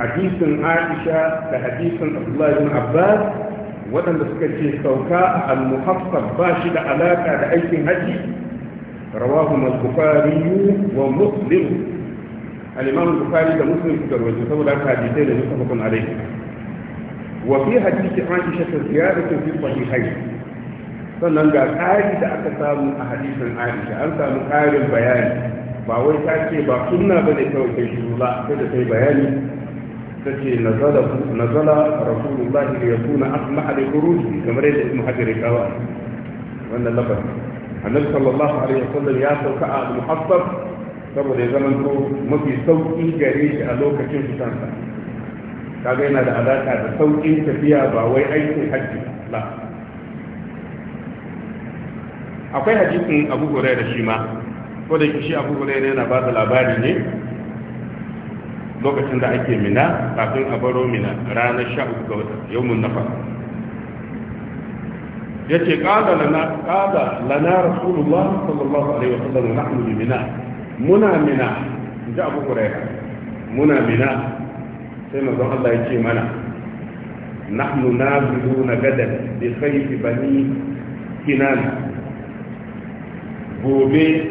aisha da hadisin abdullah ibn waɗanda suka ce sauka a al-muhaffaf ba shi da alaka da aikin haji rawahu al wa muslim al-imam da muslim suka rawaito saboda haka da mutafakun sannan ga ƙari da aka samu a hadisin aisha an samu ƙarin bayani ba wai ta ce ba sunna bane kawai kai shi ba, sai da kai bayani ta ce nazala nazala rasulullahi da ya tuna asma a dai kuruji kamar yadda ibn hajar ya kawo wannan labar annabi sallallahu alaihi wasallam ya sauka a muhassab saboda ya zama to mafi sauki gare shi a lokacin fitansa kaga yana da alaka da sauƙin tafiya ba wai aikin hajji la akwai hadisin abu hurairah shi ma ko da shi abu hurairah yana ba da labari ne lokacin da ake mina kafin a baro mina ranar sha uku ga wata mun nafa ya ce ƙada lana rasulullah sallallahu alaihi wa sallam nahnu bi mina muna mina in ji abu hurairah muna mina sai manzon Allah ya ce mana nahnu naziluna gadan bi khayfi bani kinan gobe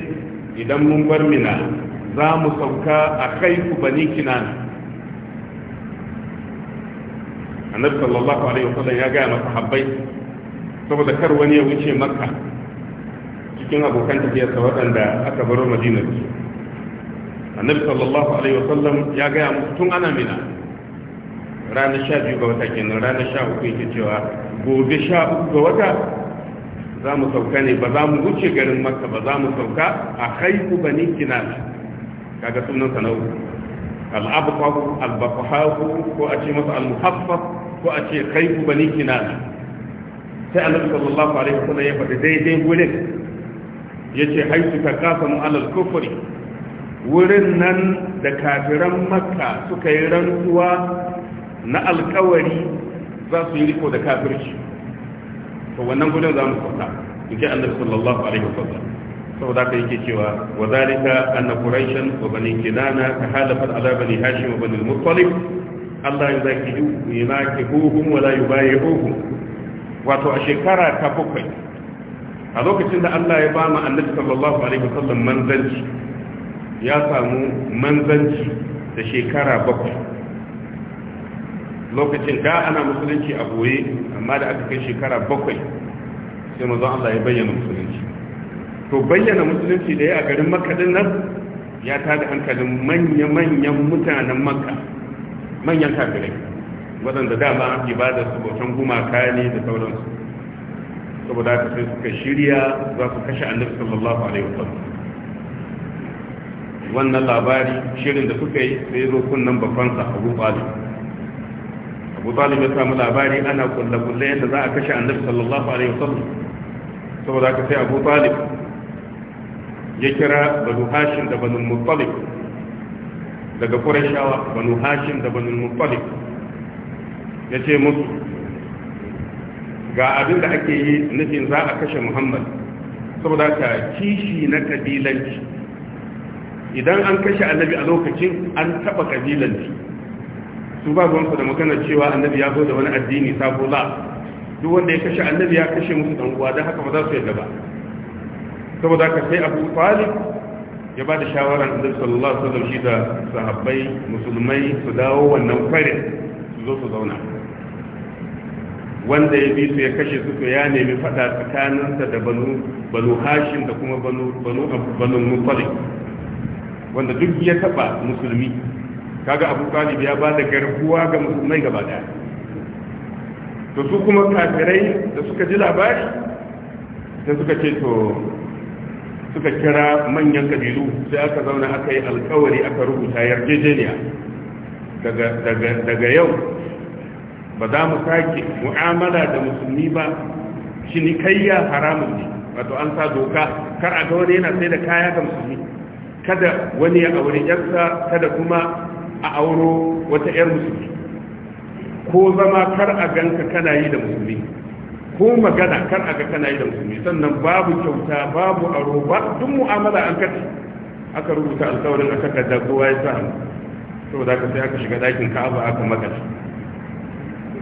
idan mun bar mina za mu sauka a kai ku bani kinana annabi sallallahu alaihi wasallam ya gaya masa habbai saboda kar wani ya wuce makka cikin abokan tafiyarsa waɗanda aka baro madina annabi sallallahu alaihi wasallam ya gaya musu tun ana mina ranar sha biyu ga wata kenan ranar sha uku yake cewa gobe sha uku ga wata za mu sauka ne ba za mu wuce garin makka ba za mu sauka a haiku bani kinana kaga sunan sanau al'abqahu al-baqahu ko a ce masa al-muhaffaf ko a ce haiku bani kinana sai annabi sallallahu alaihi wasallam ya faɗi daidai gurin yace haiku ta mu alal kufri wurin nan da kafiran makka suka yi rantsuwa na alkawari za su yi riko da kafirci to wannan gudun za mu sauka in ji annabi sallallahu alaihi wasallam saboda ka yake cewa wa zalika anna quraishan wa bani kinana ka halafat ala bani hashim wa bani al-muttalib Allah ya zaki du yana ki hukum wala yubayihu wato a shekara ta bakwai a lokacin da Allah ya ba mu annabi sallallahu alaihi wasallam manzanci ya samu manzanci da shekara bakwai lokacin da ana musulunci a goye, amma da aka kai shekara bakwai sai mazan Allah ya bayyana musulunci to bayyana musulunci da ya a garin makadin nan ya tada hankalin manya-manyan mutanen maka, manyan kafirai waɗanda dama ibadar su bautan gumaka ne da sauransu saboda ta sai suka shirya za su kashe annabi sallallahu alaihi wasallam wannan labari shirin da suka yi sai zo kunnan babban sa Abu Talib abu talib ya samu labari ana kulle kulle yadda za a kashe annabi sallallahu alaihi wasallam saboda haka sai abu talib ya kira banu hashim da banu muttalib daga qurayshawa banu hashim da banu muttalib ya ce musu ga abin da ake yi nufin za a kashe muhammad saboda ka kishi na kabilanci idan an kashe annabi a lokacin an taba kabilanci su ba ruwansu da maganar cewa annabi ya zo da wani addini sabo la duk wanda ya kashe annabi ya kashe musu dan don haka ba za su yadda ba saboda ka sai abu talib ya ba da shawarar annabi sallallahu alaihi wasallam shi da sahabbai musulmai su dawo wannan fare su zo su zauna wanda ya bi su ya kashe su to ya nemi fada tsakaninsa da banu banu hashim da kuma banu banu banu mutalik wanda duk ya taba musulmi kaga abu talib ya ba da garkuwa ga musulmai gaba daya to su kuma kafirai da suka ji labari sai suka ce to suka kira manyan kabilu sai aka zauna aka yi alkawari aka rubuta yarjejeniya daga yau ba za mu sake mu'amala da musulmi ba cinikayya haramun ne wato an sa doka kar a ga wani yana sai da kaya ga musulmi kada wani ya aure yarsa kada kuma a auro wata 'yar musulmi ko zama kar a ganka kana yi da musulmi ko magana kar a ga kana yi da musulmi sannan babu kyauta babu aro ba duk mu'amala an kace aka rubuta alƙawarin aka kadda kowa ya sa saboda ka sai aka shiga ɗakin ka'aba aka magana.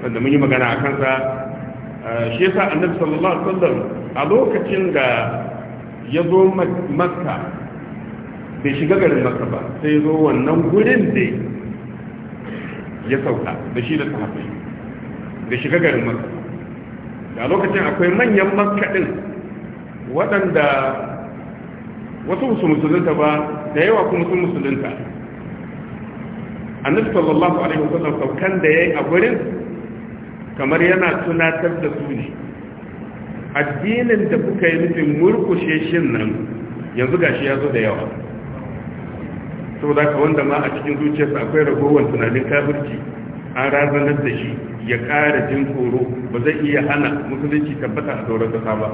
Sannan mun yi magana a kansa shi yasa annabi sallallahu alaihi wasallam a lokacin da ya zo makka sai shiga garin maka ba sai zo wannan gurin da ya sauka da shi da sahabbai da shiga garin maka da lokacin akwai manyan makaɗin waɗanda wasu musu musulunta ba da yawa kuma sun musulunta annabi sallallahu alaihi wasallam saukan da yayi a gurin kamar yana tunatar da su ne addinin da kuka yi nufin murkushe shin nan yanzu gashi ya zo da yawa saboda ka wanda ma a cikin zuciyarsa akwai ragowar tunanin kafirci an razanar da shi ya ƙara jin tsoro ba zai iya hana musulunci tabbata a sauran kasa ba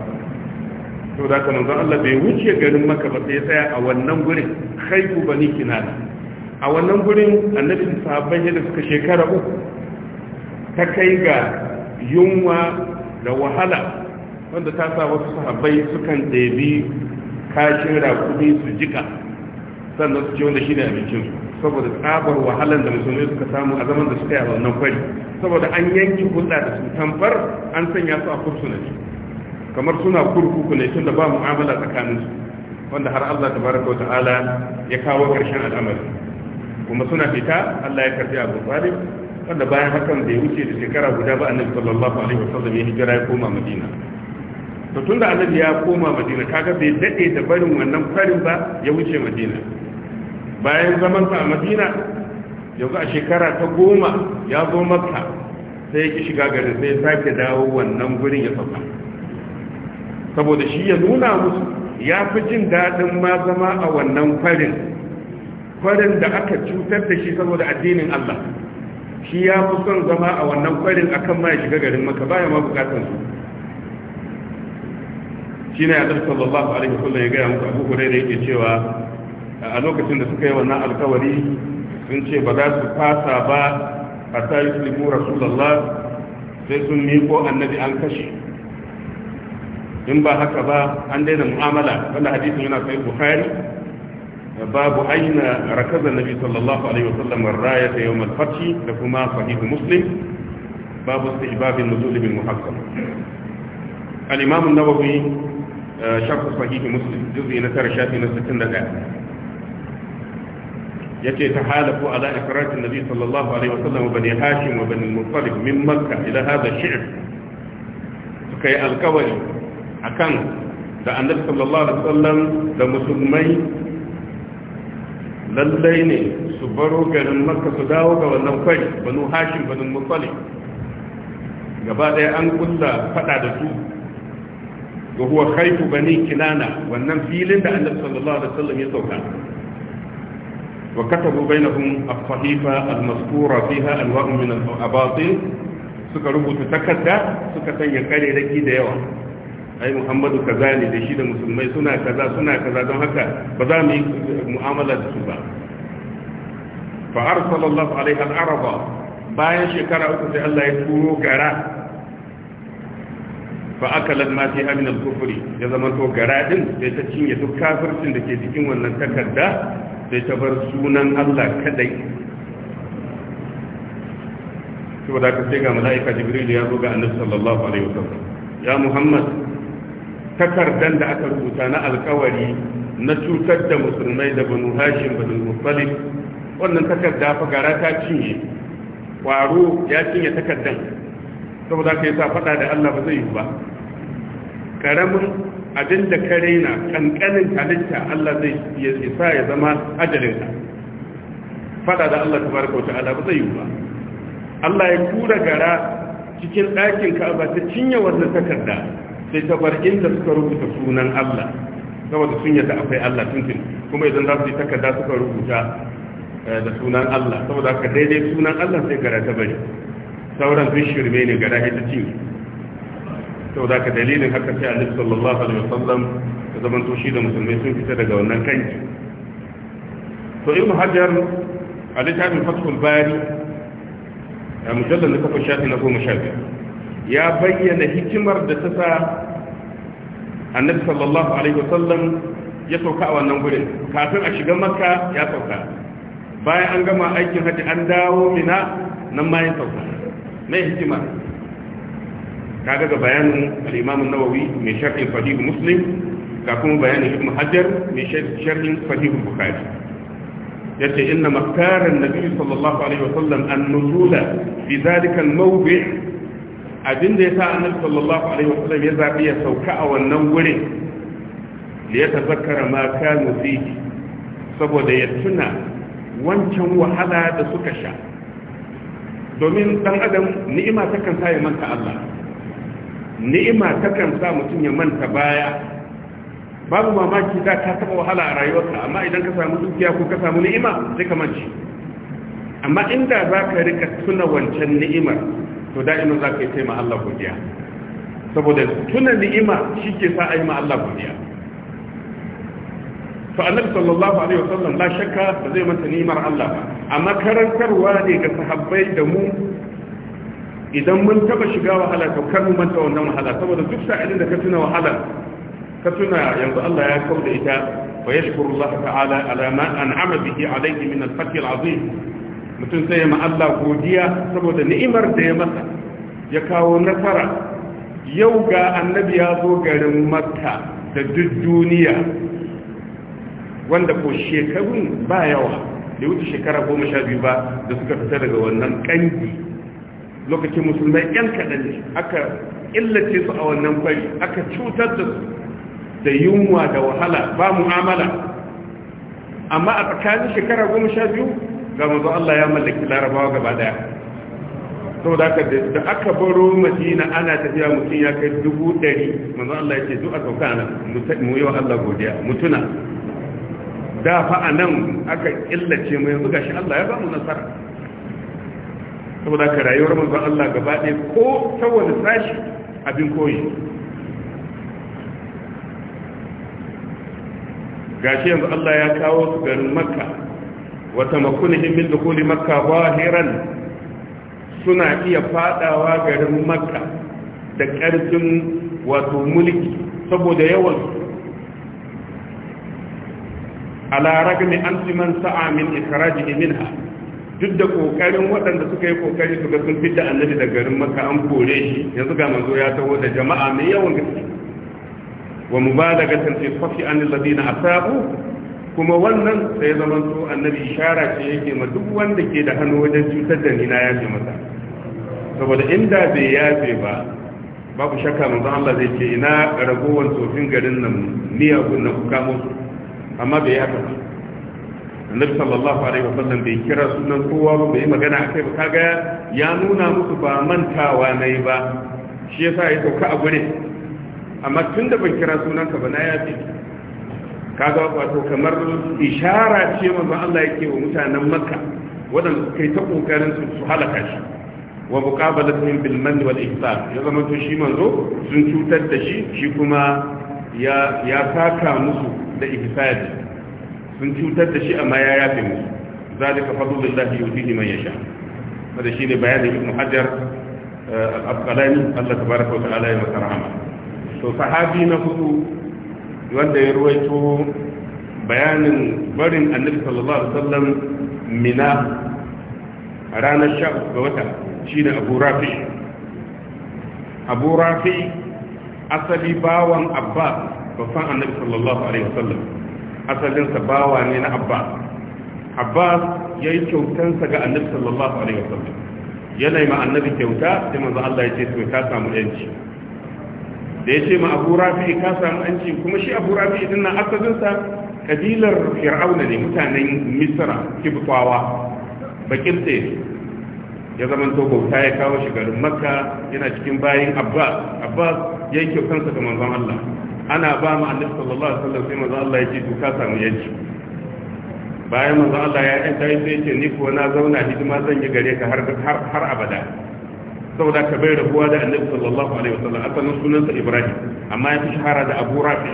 saboda ka manzon Allah bai wuce garin maka ba sai ya tsaya a wannan gurin khaifu bani kinana a wannan gurin annabi sahabban yadda suka shekara uku ta kai ga yunwa da wahala wanda ta sa wasu sahabbai sukan ɗebi kashin rakumi su jika sannan su ce wanda shi ne abincin saboda tsabar wahalar da musulmi suka samu a zaman da suka yi a wannan kwari saboda an yanki hulɗa da su tamfar an sanya su a na ne kamar suna kurkuku ne tun da ba mu'amala tsakaninsu wanda har Allah ta baraka ta'ala ya kawo ƙarshen al'amari kuma suna fita Allah ya karfi Abu Talib wanda bayan hakan bai wuce da shekara guda ba annabi sallallahu alaihi wasallam ya hijira ya koma Madina to tunda annabi ya koma Madina kaga bai dade da barin wannan farin ba ya wuce Madina bayan zamansa a madina yau a shekara ta goma ya zo makka sai yake ki shiga garin sai sake dawo wannan gurin ya sauka saboda shi ya nuna musu ya fi jin daɗin ma zama a wannan farin farin da aka cutar da shi saboda addinin Allah shi ya fi son zama a wannan farin akan ma ya shiga garin maka baya ma bukatar su shi ne a ɗarsa a alaihi kullum ya gaya muku abu da yake cewa a lokacin da suka yi wannan alkawari sun ce ba za su fasa ba a ta yi sulimu rasulallah sai sun miko annabi an kashe in ba haka ba an daina mu'amala wanda hadisin yana sai bukhari babu aina rakazan nabi sallallahu alaihi wasallam raya da yawm al-fathi da kuma sahih muslim babu istihbab ibabin nuzul bil muhakkam al-imam an-nawawi eh, sharh sahih muslim juz'i na 9 shafi na 61 yace ta halafu ala ifratin nabi sallallahu alaihi wasallam wa bani hashim wa bani muttalib min makka ila hada shi'r suka yi alkawari akan da annabi sallallahu alaihi wasallam da musulmai lallai ne su baro garin makka su dawo ga wannan kwari banu hashim banu muttalib gaba daya an kulla fada da su wa huwa khayfu bani kinana wannan filin da annabi sallallahu alaihi wasallam ya sauka وكتبوا بينهم الصحيفة المذكورة فيها أنواع من الأباطل suka rubuta takarda suka sanya kareraki da yawa ai muhammadu kaza ne da shi da musulmai suna kaza suna don haka ba za mu yi mu'amala da su bayan shekara uku sai Allah ya turo gara fa akalat ma fi amin al-kufri ya zama to garadin sai ta cinye duk kafircin da ke cikin wannan takarda sai ta bar sunan Allah kadai saboda ka sai ga mala'ika jibril ya zo ga annabi sallallahu alaihi wasallam ya muhammad takardan da aka rubuta na alkawari na cutar da musulmai da banu hashim da muttalib wannan takarda fa gara ta cinye kwaro ya cinye takardan saboda ka yi sa faɗa da Allah ba zai yi ba karamin abin da ka raina kankanin halitta Allah zai yi isa ya zama ajalinka faɗa da Allah ta baraka wata ala ba zai yi ba Allah ya kura gara cikin ɗakin ka ba ta cinye wannan takarda sai ta bar inda suka rubuta sunan Allah saboda sun yadda akwai Allah tuntun kuma idan za su yi takarda suka rubuta eh, da sunan Allah saboda ka daidai sunan Allah sai gara ta bari sauran sun shirme ne gada ita cin sau da ka dalilin haka sai alif sallallahu alaihi wasallam da zaman toshi da musulmai sun fita daga wannan kanki to ibn hajar a littafin fatul bari a mujallar da kafa shafi na goma sha biyu ya bayyana hikimar da ta sa annabi sallallahu alaihi wasallam ya sauka a wannan gurin kafin a shiga makka ya sauka bayan an gama aikin hajji an dawo mina nan ma ya sauka Mai hikima ka daga bayanin al'imamun nawawi mai sharhin fahimu muslim ga kuma bayanin ibn hajar mai sharhin fahimu bukari ya ce inna makarar biyu sallallahu alaihi wasallam an nuzula fi zalikan mawbi abinda ya sa annabi sallallahu alaihi wasallam ya zaɓi ya sauka a wannan wurin da ya tazakkara ma kanu fihi saboda ya tuna wancan wahala da suka sha domin dan adam ni'ima takan sa ya manta Allah ni'ima takan sa mutum ya manta baya babu mamaki da ka taba wahala a rayuwarka amma idan ka samu dukiya ko ka samu ni'ima sai ka manci amma inda za ka rika tuna wancan ni'imar to da'imin za ka yi taima Allah godiya saboda tuna ni'ima shi ke sa a yi ma Allah godiya to annabi sallallahu alaihi wasallam la shakka ba zai manta nimar Allah ba amma karantarwa ne ga sahabbai da mu idan mun taba shiga wahala to kar mu manta wannan wahala saboda duk sa'ilin da ka tuna wahala ka tuna yanzu Allah ya kauda ita wa yashkuru Allah ta'ala ala ma an'ama bihi alayhi min al-fath al-azim mutum sai ma Allah godiya saboda ni'imar da ya masa ya kawo nasara yau ga annabi ya zo garin makka da duk duniya wanda ko shekarun ba yawa da wuce shekara goma sha biyu ba da suka fita daga wannan kangi lokacin musulmai yan kaɗan ne aka illace su a wannan fari aka cutar da su da yunwa da wahala ba mu'amala amma a tsakanin shekara goma sha biyu ga mazu Allah ya mallaki larabawa gaba daya sau da aka da aka baro madina ana tafiya mutum ya kai dubu ɗari mazu Allah ya ce duk a sauka nan mu yi wa Allah godiya mutuna da fa a nan aka illace mai yanzu shi Allah ya bamu nasara saboda ka rayuwar manzon Allah gaba ɗaya ko saboda sashi abin koyi gashi yanzu Allah ya kawo su garin makka wata makunihim min dukuli makka zahiran suna iya fadawa garin makka da ƙarfin wato mulki saboda yawan ala ragmi amsi man sa'a min ikhrajihi minha duk da kokarin waɗanda suka yi kokari su ga sun fitta annabi da garin makka an kore shi yanzu ga manzo ya taho da jama'a mai yawan gaske wa mubalagatan fi safi an alladhina asabu kuma wannan sai zaman to annabi ishara ce yake ma duk wanda ke da hannu wajen cutar da nina ya masa saboda inda bai yafe ba babu shakka manzo Allah zai ce ina ragowar sofin garin nan miyagun na kuka musu amma bai yi haka ba annabi sallallahu alaihi wasallam bai kira sunan kowa ba bai magana a kai ba kaga ya nuna musu ba mantawa nayi ba shi yasa ya sauka a gure amma tunda ban kira sunanka ba na ya yafi kaga wato kamar ishara ce manzo Allah yake wa mutanen Makka waɗanda suka yi ta kokarin su halaka shi wa muqabalatihim bil manni wal ihsan ya zama to shi manzo sun cutar da shi shi kuma ya saka musu da ihsani sun cutar da shi amma ya yafe musu zalika fadlullahi yutihi man yasha wanda ne bayanin ibn hajar eh, al-asqalani Allah tabaraka wa ta'ala ya masa rahama to sahabi na hudu wanda ya ruwaito bayanin barin annabi sallallahu alaihi wasallam mina ranar sha ga wata shine abu rafi abu rafi asali bawan abbas babban annabi sallallahu alaihi wasallam asalinsa bawa ne na abbas abbas ya yi kyautansa ga annabi sallallahu alaihi wasallam yana yi ma annabi kyauta sai manzo Allah ya ce to ka samu yanci da ya ce ma abu rafi ka samu yanci kuma shi abu rafi din nan asalinsa kabilar fir'auna ne mutanen misra kibtawa bakin tsaye ya zama to bauta ya kawo shi garin makka yana cikin bayin abbas abbas ya kansa ga manzon Allah ana ba mu annabi sallallahu alaihi wasallam sai manzon Allah ya ce to ka samu yanki bayan manzon Allah ya yanta ya sai ce ni kuwa na zauna hidima zan yi gare ka har har abada saboda ka bai rabuwa da annabi sallallahu alaihi wasallam asalin sunansa Ibrahim amma ya fi shahara da Abu Rafi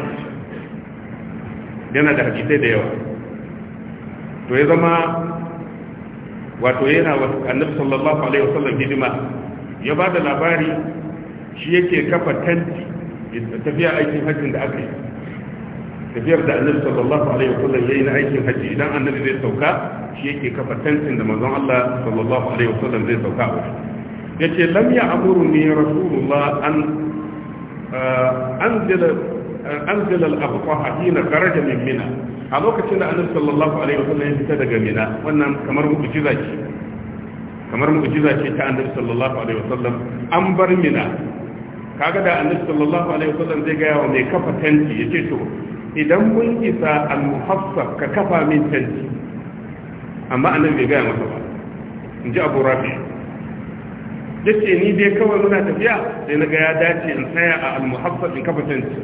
yana da hadisai da yawa to ya zama wato yana wa annabi sallallahu alaihi wasallam hidima ya ba da labari shi yake kafa tanti tafiya aikin hajjin da aka yi tafiyar da annabi sallallahu alaihi wasallam yayi na aikin hajji idan annabi zai sauka shi yake kafa tantin da manzon Allah sallallahu alaihi wa sallam zai sauka a yace lam ya amuruni rasulullah an eh, anzila anzila al-abqa hina kharaja min mina a lokacin da annabi sallallahu alaihi wa sallam ya fita daga mina wannan kamar mu'jiza ce kamar mu'jiza ce ta annabi sallallahu alaihi wa sallam an bar mina kaga da annabi sallallahu alaihi wasallam zai gaya wa mai kafa tanti yace to idan mun isa al-muhaffaf ka kafa min tanti amma annabi bai gaya masa ba in ji abu rafi yace ni dai kawai muna tafiya sai na ga ya dace in tsaya a al-muhaffaf in kafa tanti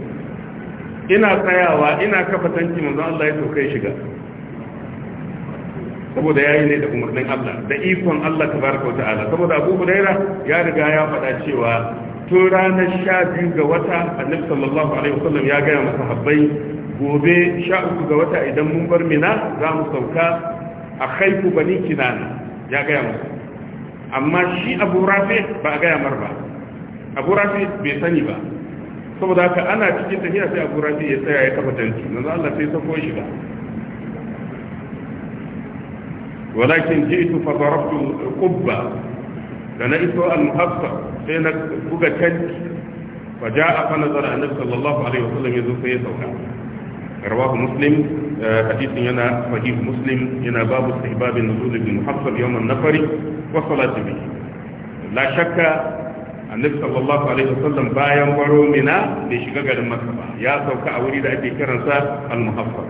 ina tsayawa ina kafa tanti manzo Allah ya tokai shiga saboda yayi ne da umarnin Allah da ikon Allah tabaraka wa ta'ala saboda Abu Hurairah ya riga ya faɗa cewa tun ranar sha biyu ga wata annabi sallallahu alaihi wasallam ya gaya masa habbai gobe sha uku ga wata idan mun bar mina za mu sauka a haiku bani kinana ya gaya masa amma shi abu rafi ba a gaya mar ba abu rafi bai sani ba saboda haka ana cikin tafiya sai abu rafi ya tsaya ya kafa tanki manzo Allah sai sako shi ba walakin ji'tu fa darabtu qubba da na iso al-muhaffaz sai na buga tanki fa a fana nazara annabi sallallahu alaihi wasallam zo sai ya sauka rawahu muslim eh, hadisin yana sahih muslim yana babu istihbab an-nuzul bin muhassab yawm an-nafar wa salati bi la shakka annabi sallallahu alaihi wasallam bayan waro mina bai shiga garin makka ba ya sauka a wuri da ake kiransa al-muhassab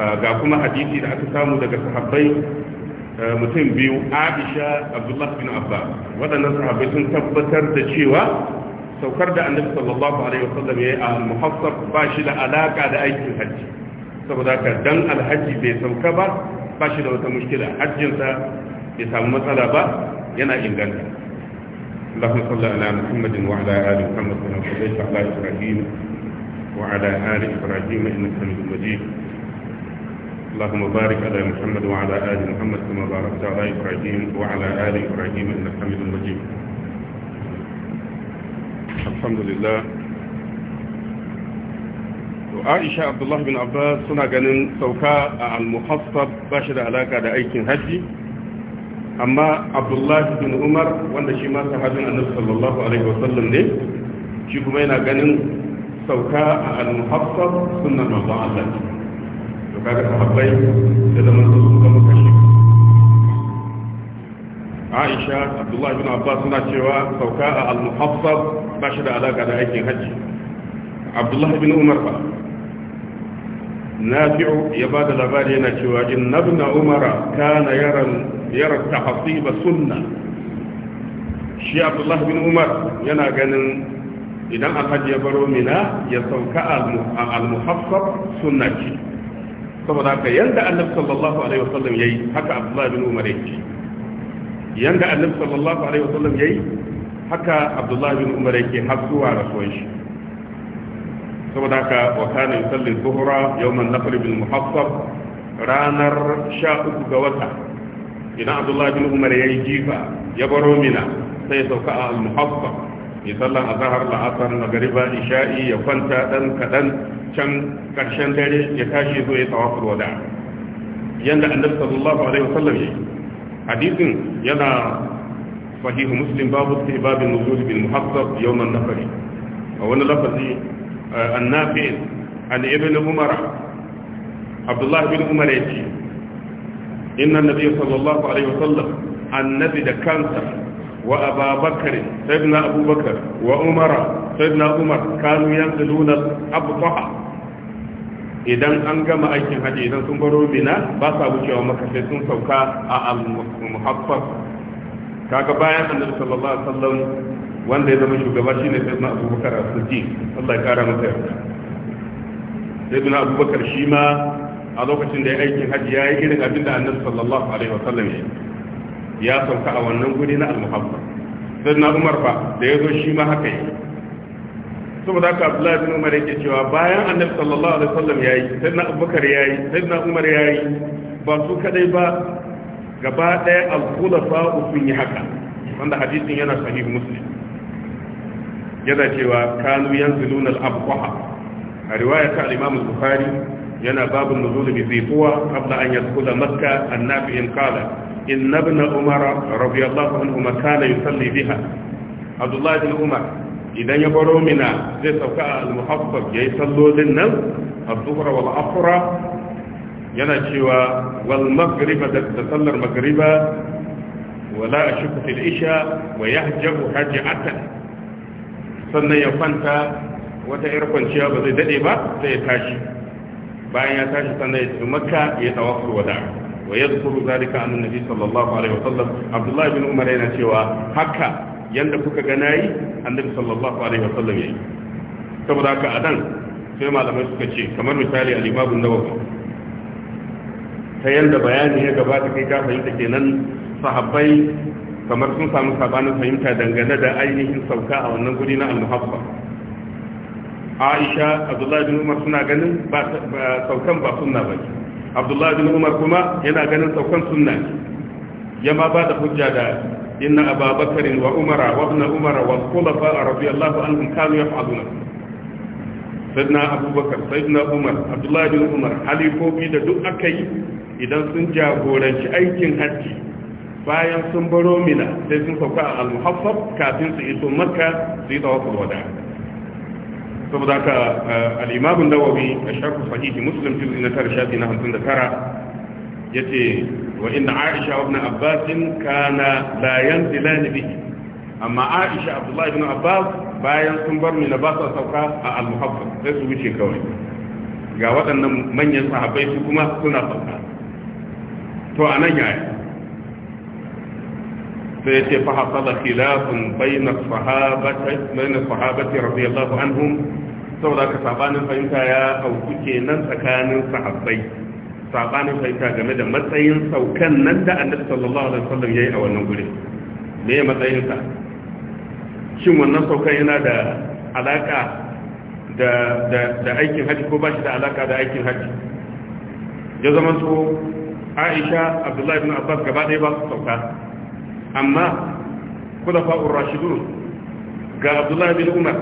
eh, ga kuma hadisi da aka samu daga sahabbai Eh, mutum biyu aisha abdullahi bin Abba waɗannan sahabbai sun tabbatar da cewa saukar da annabi sallallahu alaihi wasallam yayi a muhassab ba shi da alaka da aikin hajji saboda ka dan alhaji bai sauka ba ba shi da wata mushkila hajjinsa bai samu matsala ba yana inganta اللهم صل على محمد وعلى ال محمد كما صليت على ابراهيم وعلى ال ابراهيم انك حميد مجيد اللهم بارك على محمد وعلى آل محمد كما باركت على إبراهيم وعلى آل إبراهيم إنك حميد مجيد الحمد لله وعائشة عبد الله بن عباس سنة ganin sauka a al-muhassab ba shi da alaka da aikin hajji amma abdullahi bin umar wanda shi ma sahabin annabi sallallahu alaihi wasallam ne shi kuma yana ganin sauka a al-muhassab sunnar to kaga sahabbai da zaman su suka muka shi Aisha Abdullahi bin Abbas suna cewa sauka a al-muhaffab ba shi da alaka da aikin hajji Abdullahi bin Umar ba. nafi'u ya ba da labari yana cewa in nabna Umar kana yaran yaran tahsiba sunna shi abdullahi bin umar yana ganin idan alhaji ya baro mina ya sauka al-muhaffaf sunna ce saboda haka yanda annabi sallallahu alaihi wasallam yayi haka abdullahi bin umar yake yanda annabi sallallahu alaihi wasallam yayi haka abdullahi bin umar yake har zuwa rasuwan shi saboda haka wa kana yusalli dhuhra yawman nafr bil muhassab ranar 13 ga wata idan abdullahi bin umar yayi jifa ya baro mina sai sauka al muhassab ya sallan azahar la'asar magariba isha'i ya kwanta ɗan kaɗan can ƙarshen dare ya tashi zo ya tawaful wada yanda annabi sallallahu alaihi wasallam yayi hadisin yana sahihu muslim babu istihbab an-nuzul bil muhassab yawm an-nafri a wani lafazi eh, annabi an ibn umar Abdullahi bin umar yace inna an-nabiy sallallahu alaihi wasallam annabi da kansa Wa بكر سيدنا أبو بكر وعمر سيدنا عمر كانوا ينزلون الأبطحة idan an gama aikin haji idan sun baro mina ba sa wucewa maka sai sun sauka a al-muhaffaf kaga bayan annabi sallallahu alaihi wasallam wanda ya zama shugaba shine sayyidina abubakar as-siddiq Allah ya kara masa yarda sayyidina abubakar shi ma a lokacin da ya aikin haji ya yi irin abinda annabi sallallahu alaihi wasallam ya yi ya sauka a wannan guri na al-muhabba sai na umar ba, da ya zo shi ma haka yi saboda haka abdullahi bin umar yake cewa bayan annabi sallallahu alaihi wasallam yayi sai na abubakar yayi sai na umar yayi ba su kadai ba gaba daya al-khulafa sun yi haka wanda hadisin yana sahih muslim yana cewa kanu yanziluna al-abqa a riwayat al-imam al-bukhari yana babu nuzul bi zituwa qabla an yadkhula makkah an-nafi'in qala inna ibn umar radiyallahu anhu kana yusalli biha Abdullahi ibn umar idan ya baro mina zai sauka a al-muhaffaf yi sallolin nan az wal yana cewa wal maghrib da sallar maghriba wala ashku fil isha wa hajji hajatan sannan ya kwanta wata yar kwanciya ba zai dade ba sai ya tashi bayan ya tashi sannan ya tafi makka ya tawaffu wada wa yadhkuru zalika an annabi sallallahu alaihi wasallam abdullah ibn umar yana cewa haka yanda kuka ga nayi annabi sallallahu alaihi wasallam yayi saboda haka adan sai malamai suka ce kamar misali al-imam an-nawawi ta yanda bayani ya gabata kai ka fahimta kenan sahabbai kamar sun samu sabanin fahimta dangane da ainihin sauka a wannan guri na al-muhabba aisha abdullahi bin umar suna ganin ba saukan ba sunna ba abdullahi bin umar kuma yana ganin saukan sunna ya ma ba da hujja da inna ababakarin wa umara wa ibn umara wa khulafa radiyallahu anhum kanu yaf'aluna sayyidina abubakar sayyidina umar abdullahi bin umar halifobi da duk aka yi idan sun jagoranci aikin hajji bayan sun baro mina sai sun sauka a al kafin su iso makka su yi tawaful wada'a saboda haka eh, al-imam an-nawawi a sharh sahih muslim juz'i na tara shafi na ya ce wa inna aisha ibn abbas kana la yanzilani bihi amma aisha abdullahi ibn abbas bayan sun bar na ba su sauka a al muhabba sai su wuce kawai ga waɗannan manyan sahabbai su kuma suna sauka to a anan yaya sai ya ce fa hasala khilafun bayna sahabati bayna sahabati radiyallahu anhum saboda ka sabanin fahimta ya auku kenan tsakanin sahabbai sabanin fahimta game da matsayin saukan nan da annabi sallallahu alaihi wasallam yayi a wannan gure me matsayin sa shin wannan saukan yana da alaka da aikin haji ko ba shi da alaka da aikin haji ya zama so Aisha Abdullahi ibn Abbas gaba ɗaya ba su sauka amma kulafa'ur rashidun ga abdullahi bin umar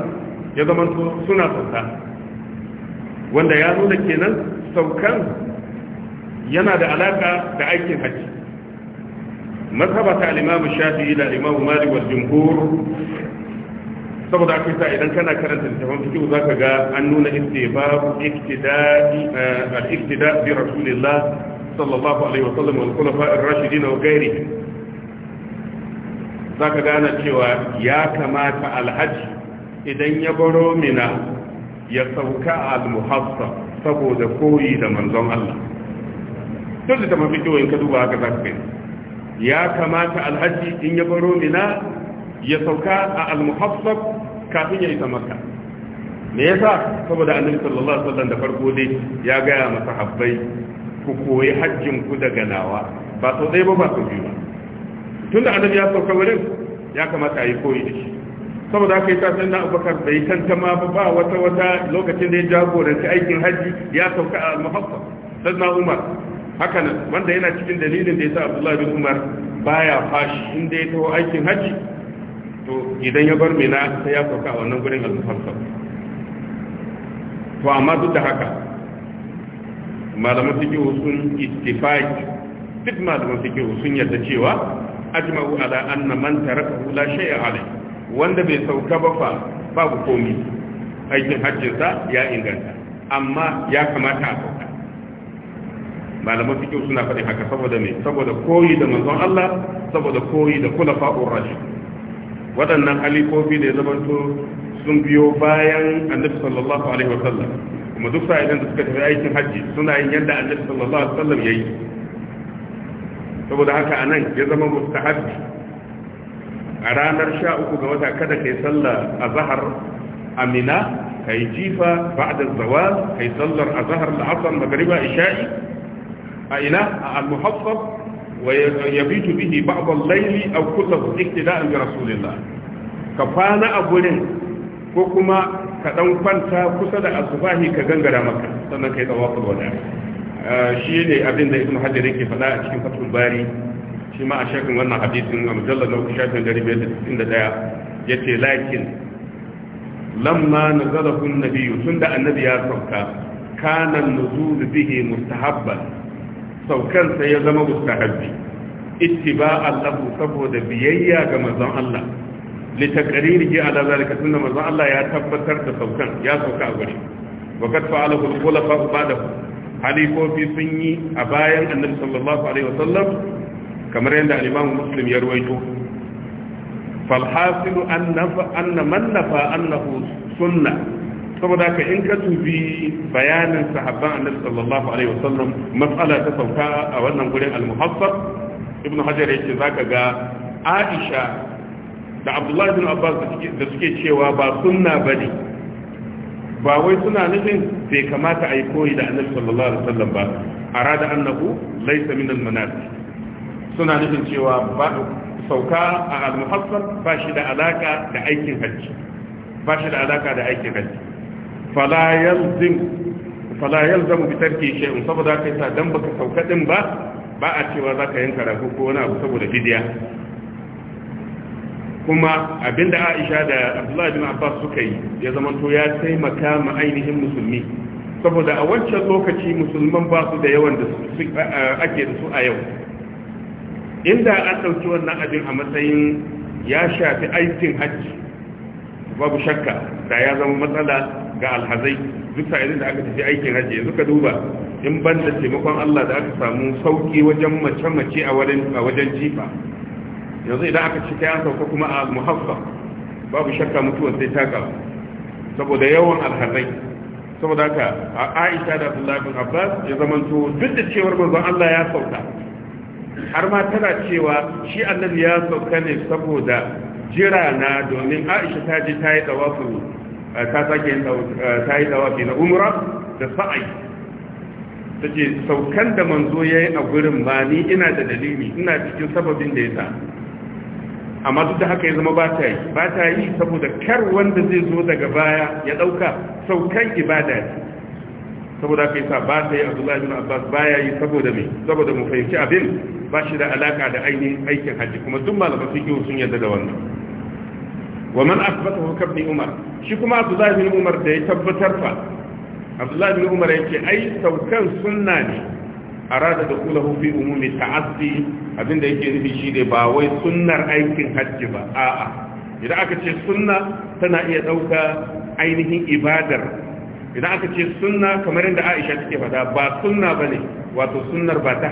ya zama suna sauka wanda ya nuna kenan saukan yana da alaƙa da aikin hajji mazhaba ta al-imam shafi'i da al-imam malik wal jumhur saboda akwai sa idan kana karanta littafin fiqh zaka ga an nuna istibab iktida'i eh, al-iktida' bi rasulillah sallallahu alaihi wa sallam wal khulafa ar-rashidin wa ghayrihim za ka gane cewa ya kamata alhaji idan ya baro mina ya sauka al-muhassa saboda koyi da manzon Allah dole ta mafi kiwon ka duba haka za ka kai ya kamata alhaji in ya baro mina ya sauka a al-muhassa kafin ya isa maka me yasa saboda annabi sallallahu alaihi wasallam da farko dai ya gaya masa habbai ku koyi hajjin ku daga nawa ba sau ɗaya ba ba sau biyu ba tunda annabi ya sauka wurin ya kamata a yi koyi da shi saboda haka yi sai na abubakar bai tantama ba ba wata wata lokacin da ya jagoranci aikin haji ya sauka a muhaffa, sai na umar haka nan wanda yana cikin dalilin da yasa abdullahi bin umar baya fashi inda ya taho aikin haji to idan ya bar mina sai ya sauka a wannan gurin al-muhaffaf to amma duk da haka malaman fikihu sun istifaki duk malaman fikihu sun yarda cewa ajma'u ala anna man tarakahu la shay'a alai wanda bai sauka ba fa babu komi aikin sa ya inganta amma ya kamata a sauka malaman fikihu suna faɗin haka saboda me saboda koyi da manzon Allah saboda koyi da kulafa'ur rashid waɗannan alifofi da ya zamanto sun biyo bayan annabi sallallahu alaihi wasallam kuma duk sa'idan da suka tafi aikin hajji suna yin yadda annabi sallallahu alaihi wasallam yayi saboda haka a nan ya zama mustahadi a ranar sha uku ga wata kada kai sallar zahar amina kai jifa ba'da zawa kai sallar azahar la'asar magriba isha'i a ina a al-muhaffaf wa yabitu bihi ba'd layli aw kullahu iktida'an bi rasulillah ka fana a gurin ko kuma ka dan kwanta kusa da asubahi ka gangara maka sannan kai tawaful wada'a shi ne abin da ibn hajar yake faɗa a cikin fatul bari shi ma a shafin wannan hadisin a mujallar nau'in shafin dari biyar da sittin da ɗaya ya ce lakin lamma na zarafin nabiyu tun da annabi ya sauka kanan nuzul bihi mustahabban saukansa ya zama mustahabbi ittiba'an lahu saboda biyayya ga mazan Allah litaqririhi ala zalika tunda mazan Allah ya tabbatar da saukan ya sauka a gari wa fa'ala fa'alahu al ba ba'dahu kofi sun yi a bayan annabi sallallahu alaihi wasallam kamar yadda al-imamu muslim ya ruwaito falhasilu anna man nafa annahu sunna saboda ka in ka tubi bayanin sahabban annabi sallallahu alaihi wasallam matsala ta sauka a wannan gurin al-muhassab ibnu hajar yake zaka ga aisha da abdullahi bin abbas da suke cewa ba sunna bane ba wai suna nufin bai kamata a yi koyi da annabi sallallahu alaihi wasallam ba arada annahu laysa min al suna nufin cewa ba sauka a al-muhassab ba shi da alaka da aikin hajji ba shi da alaka da aikin hajji fala yalzim fala yalzamu bi tarki shay'un saboda kai sa dan baka sauka din ba ba a cewa zaka yanka rago ko wani abu saboda fidiya. kuma abinda Aisha da Abdullahi bin Abbas suka yi ya zamanto ya taimaka ma ainihin musulmi saboda a wancan lokaci musulman ba su da yawan da ake da su a yau inda an ɗauki wannan abin a matsayin ya shafi aikin hajji babu shakka da ya zama matsala ga alhazai duk sa'idin da aka tafi aikin hajji yanzu ka duba in banda taimakon Allah da aka samu sauki wajen mace-mace a wajen jifa yanzu idan aka ci ta an sauka kuma a muhaffa babu shakka mutuwar sai ta karu saboda yawan alhazai saboda haka a aisha da abdullahi bin abbas ya zamanto duk da cewar manzon allah ya sauka har ma tana cewa shi annabi ya sauka ne saboda jira na domin aisha ta ji ta yi tawafi eh, ta sake eh, ta yi na umra da sa'ai ta ce saukan da manzo ya yi a gurin ba ni ina da dalili ina cikin sababin da ya sa amma duk da haka ya zama ba ta yi ba ta yi saboda kar wanda zai zo daga baya ya ɗauka saukan ibada ne saboda kai sa ba ta yi abdullahi bin abbas ba ya yi saboda me saboda mu fahimci abin ba shi da alaka da ainihin aikin hajji kuma duk malaman fiqh sun yadda da wannan wa man asbatahu kabni umar shi kuma abdullahi bin umar da ya tabbatar fa abdullahi bin umar yake ai saukan sunna ne arada da kula fi umumi ta'assi abinda yake nufi shi ne ba wai sunnar aikin hajji ba a'a idan aka ce sunna tana iya ɗauka ainihin ibadar idan aka ce sunna kamar yadda aisha take faɗa ba sunna ba ne wato sunnar ba ta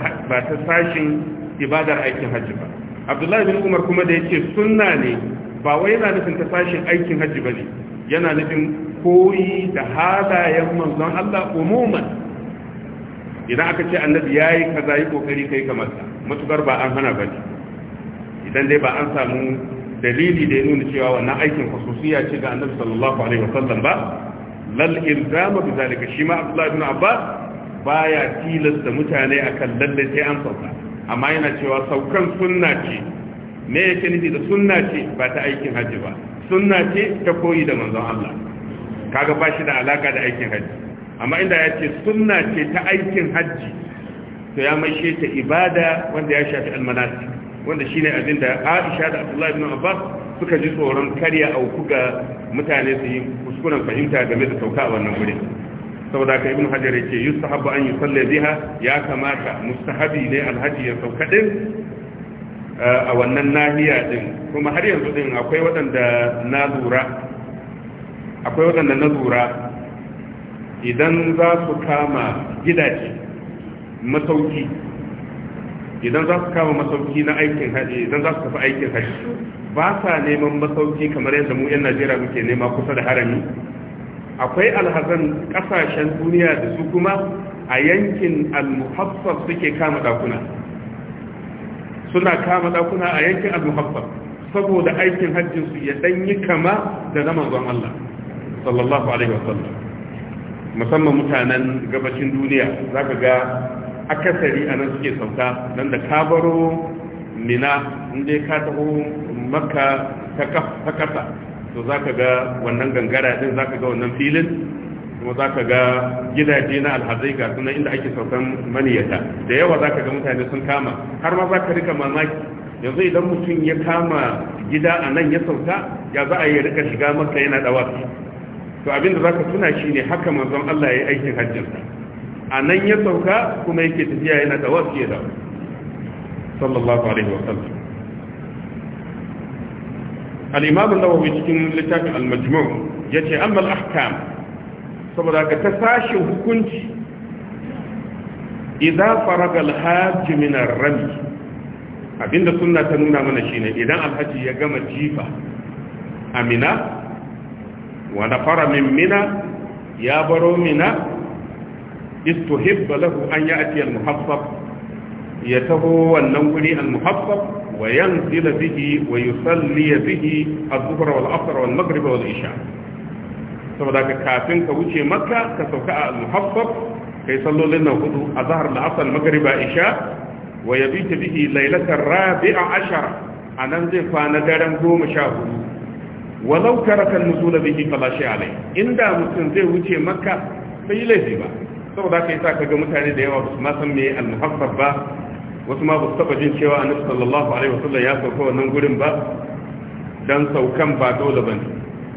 sashin ibadar aikin hajji ba abdullahi bin umar kuma da yake sunna ne ba wai yana nufin ta sashin aikin hajji ba ne yana nufin koyi da halayen manzon allah umuman idan aka ce annabi ya yi kaza yi kokari kai kamar ta matukar ba an hana bane idan dai ba an samu dalili da ya nuna cewa wannan aikin khususiya ce ga annabi sallallahu alaihi wasallam ba lal ilzama bi zalika shi ma abdullahi ibn abbas baya tilasta mutane akan lalle sai an sauka amma yana cewa saukan sunna ce me yake nufi da sunna ce ba ta aikin hajji ba sunna ce ta koyi da manzon Allah kaga ba shi da alaka da aikin hajji. amma inda ya ce sunna ce ta aikin hajji to ya maishe ta ibada wanda ya shafi almanasi wanda shine abin da Aisha da Abdullahi bin Abbas suka ji tsoron karya auku ga mutane su yi kuskuren fahimta game da sauka a wannan wuri saboda ka ibn Hajar yake yusahabu an yusalli biha ya kamata mustahabi ne alhaji ya sauka din eh, a wannan nahiya din kuma har yanzu din akwai waɗanda na lura akwai waɗanda na lura idan za su kama gidaje masauki idan za su kama masauki na aikin haji idan za su kafa aikin haji ba sa neman masauki kamar yadda mu 'yan najeriya muke nema kusa da harami akwai alhazan kasashen duniya da su kuma a yankin almuhaffar suke kama dakuna suna kama dakuna a yankin almuhaffar saboda aikin hajjinsu ya ɗanyi kama da na manzon Allah sallallahu alaihi wasallam musamman mutanen gabashin duniya za ka ga akasari a nan suke sauka don da kabaro baro mina inda ka taho maka ta kasa to za ka ga wannan gangara din za ka ga wannan filin kuma za ka ga gidaje na alhazai ga sunan inda ake saukan maniyata da yawa za ka ga mutane sun kama har ma za ka rika mamaki yanzu idan mutum ya kama gida a nan ya sauka ya za a yi rika shiga maka yana dawa to abinda zaka tuna shine haka manzon Allah yayi aikin hajjin sa anan ya sauka kuma yake tafiya yana da wasiya da sallallahu alaihi wa sallam al-imam an-nawawi cikin littafin al-majmu' yace amma al-ahkam saboda ka ta sashi hukunci idza faraga al-hajj min ar-rami abinda sunna ta nuna mana shine idan al-hajji ya gama jifa amina wa nafara min mina ya baro mina istuhibba lahu an ya'ti al-muhaffaf ya taho wannan guri al-muhaffaf وينزل به ويصلي به الظهر والعصر والمغرب والعشاء saboda ka kafin ka wuce makka ka sauka a muhaffaf kai sallolin nan hudu a zahar da asal magariba isha wa yabita bihi lailatar rabi'a ashar anan zai kwana daren goma sha hudu walau taraka nuzul bihi fala shay alai inda mutum zai wuce makka bai laifi ba saboda kai sa kaga mutane da yawa su ma san me al-muhaffaf ba wasu ma ba su taba jin cewa annabi sallallahu alaihi wasallam ya sauka wannan gurin ba dan saukan ba dole bane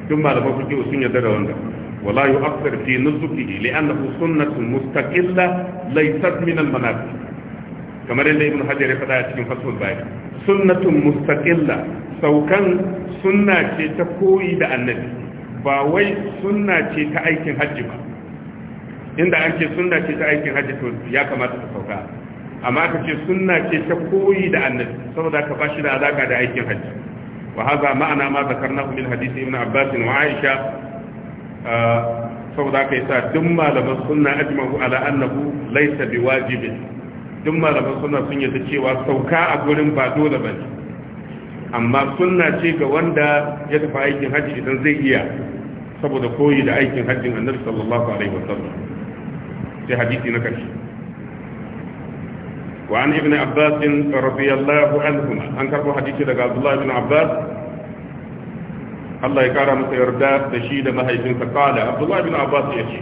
duk malaman fiqh sun yarda da wanda ولا يؤثر في نسكه لأنه سنة مستقلة ليست kamar yadda Ibn قال ya حجر a cikin fasul bayan sunnatun mustaqilla saukan sunna ce ta koyi da annabi ba wai sunna ce ta aikin hajji ba inda an ce sunna ce ta aikin hajji to ya kamata ta sauka amma aka ce sunna ce ta koyi da annabi saboda ka bashi da alaka da aikin hajji wa haza ma'ana ma zakarnahu min hadisi ibn abbas wa aisha ah, saboda ka yasa duk malaman sunna ajma'u ala annahu laysa biwajibin duk malaman suna sun ta cewa sauka a gurin ba dole ba ne amma sunna ce ga wanda ya tafi aikin hajji idan zai iya saboda koyi da aikin hajjin annabi sallallahu alaihi wasallam sai hadisi na karshe wa an ibn abbas radiyallahu anhu an karbo hadisi daga abdullah ibn abbas Allah ya kara masa yarda da shi da mahaifinsa kala abdullah ibn abbas ya ce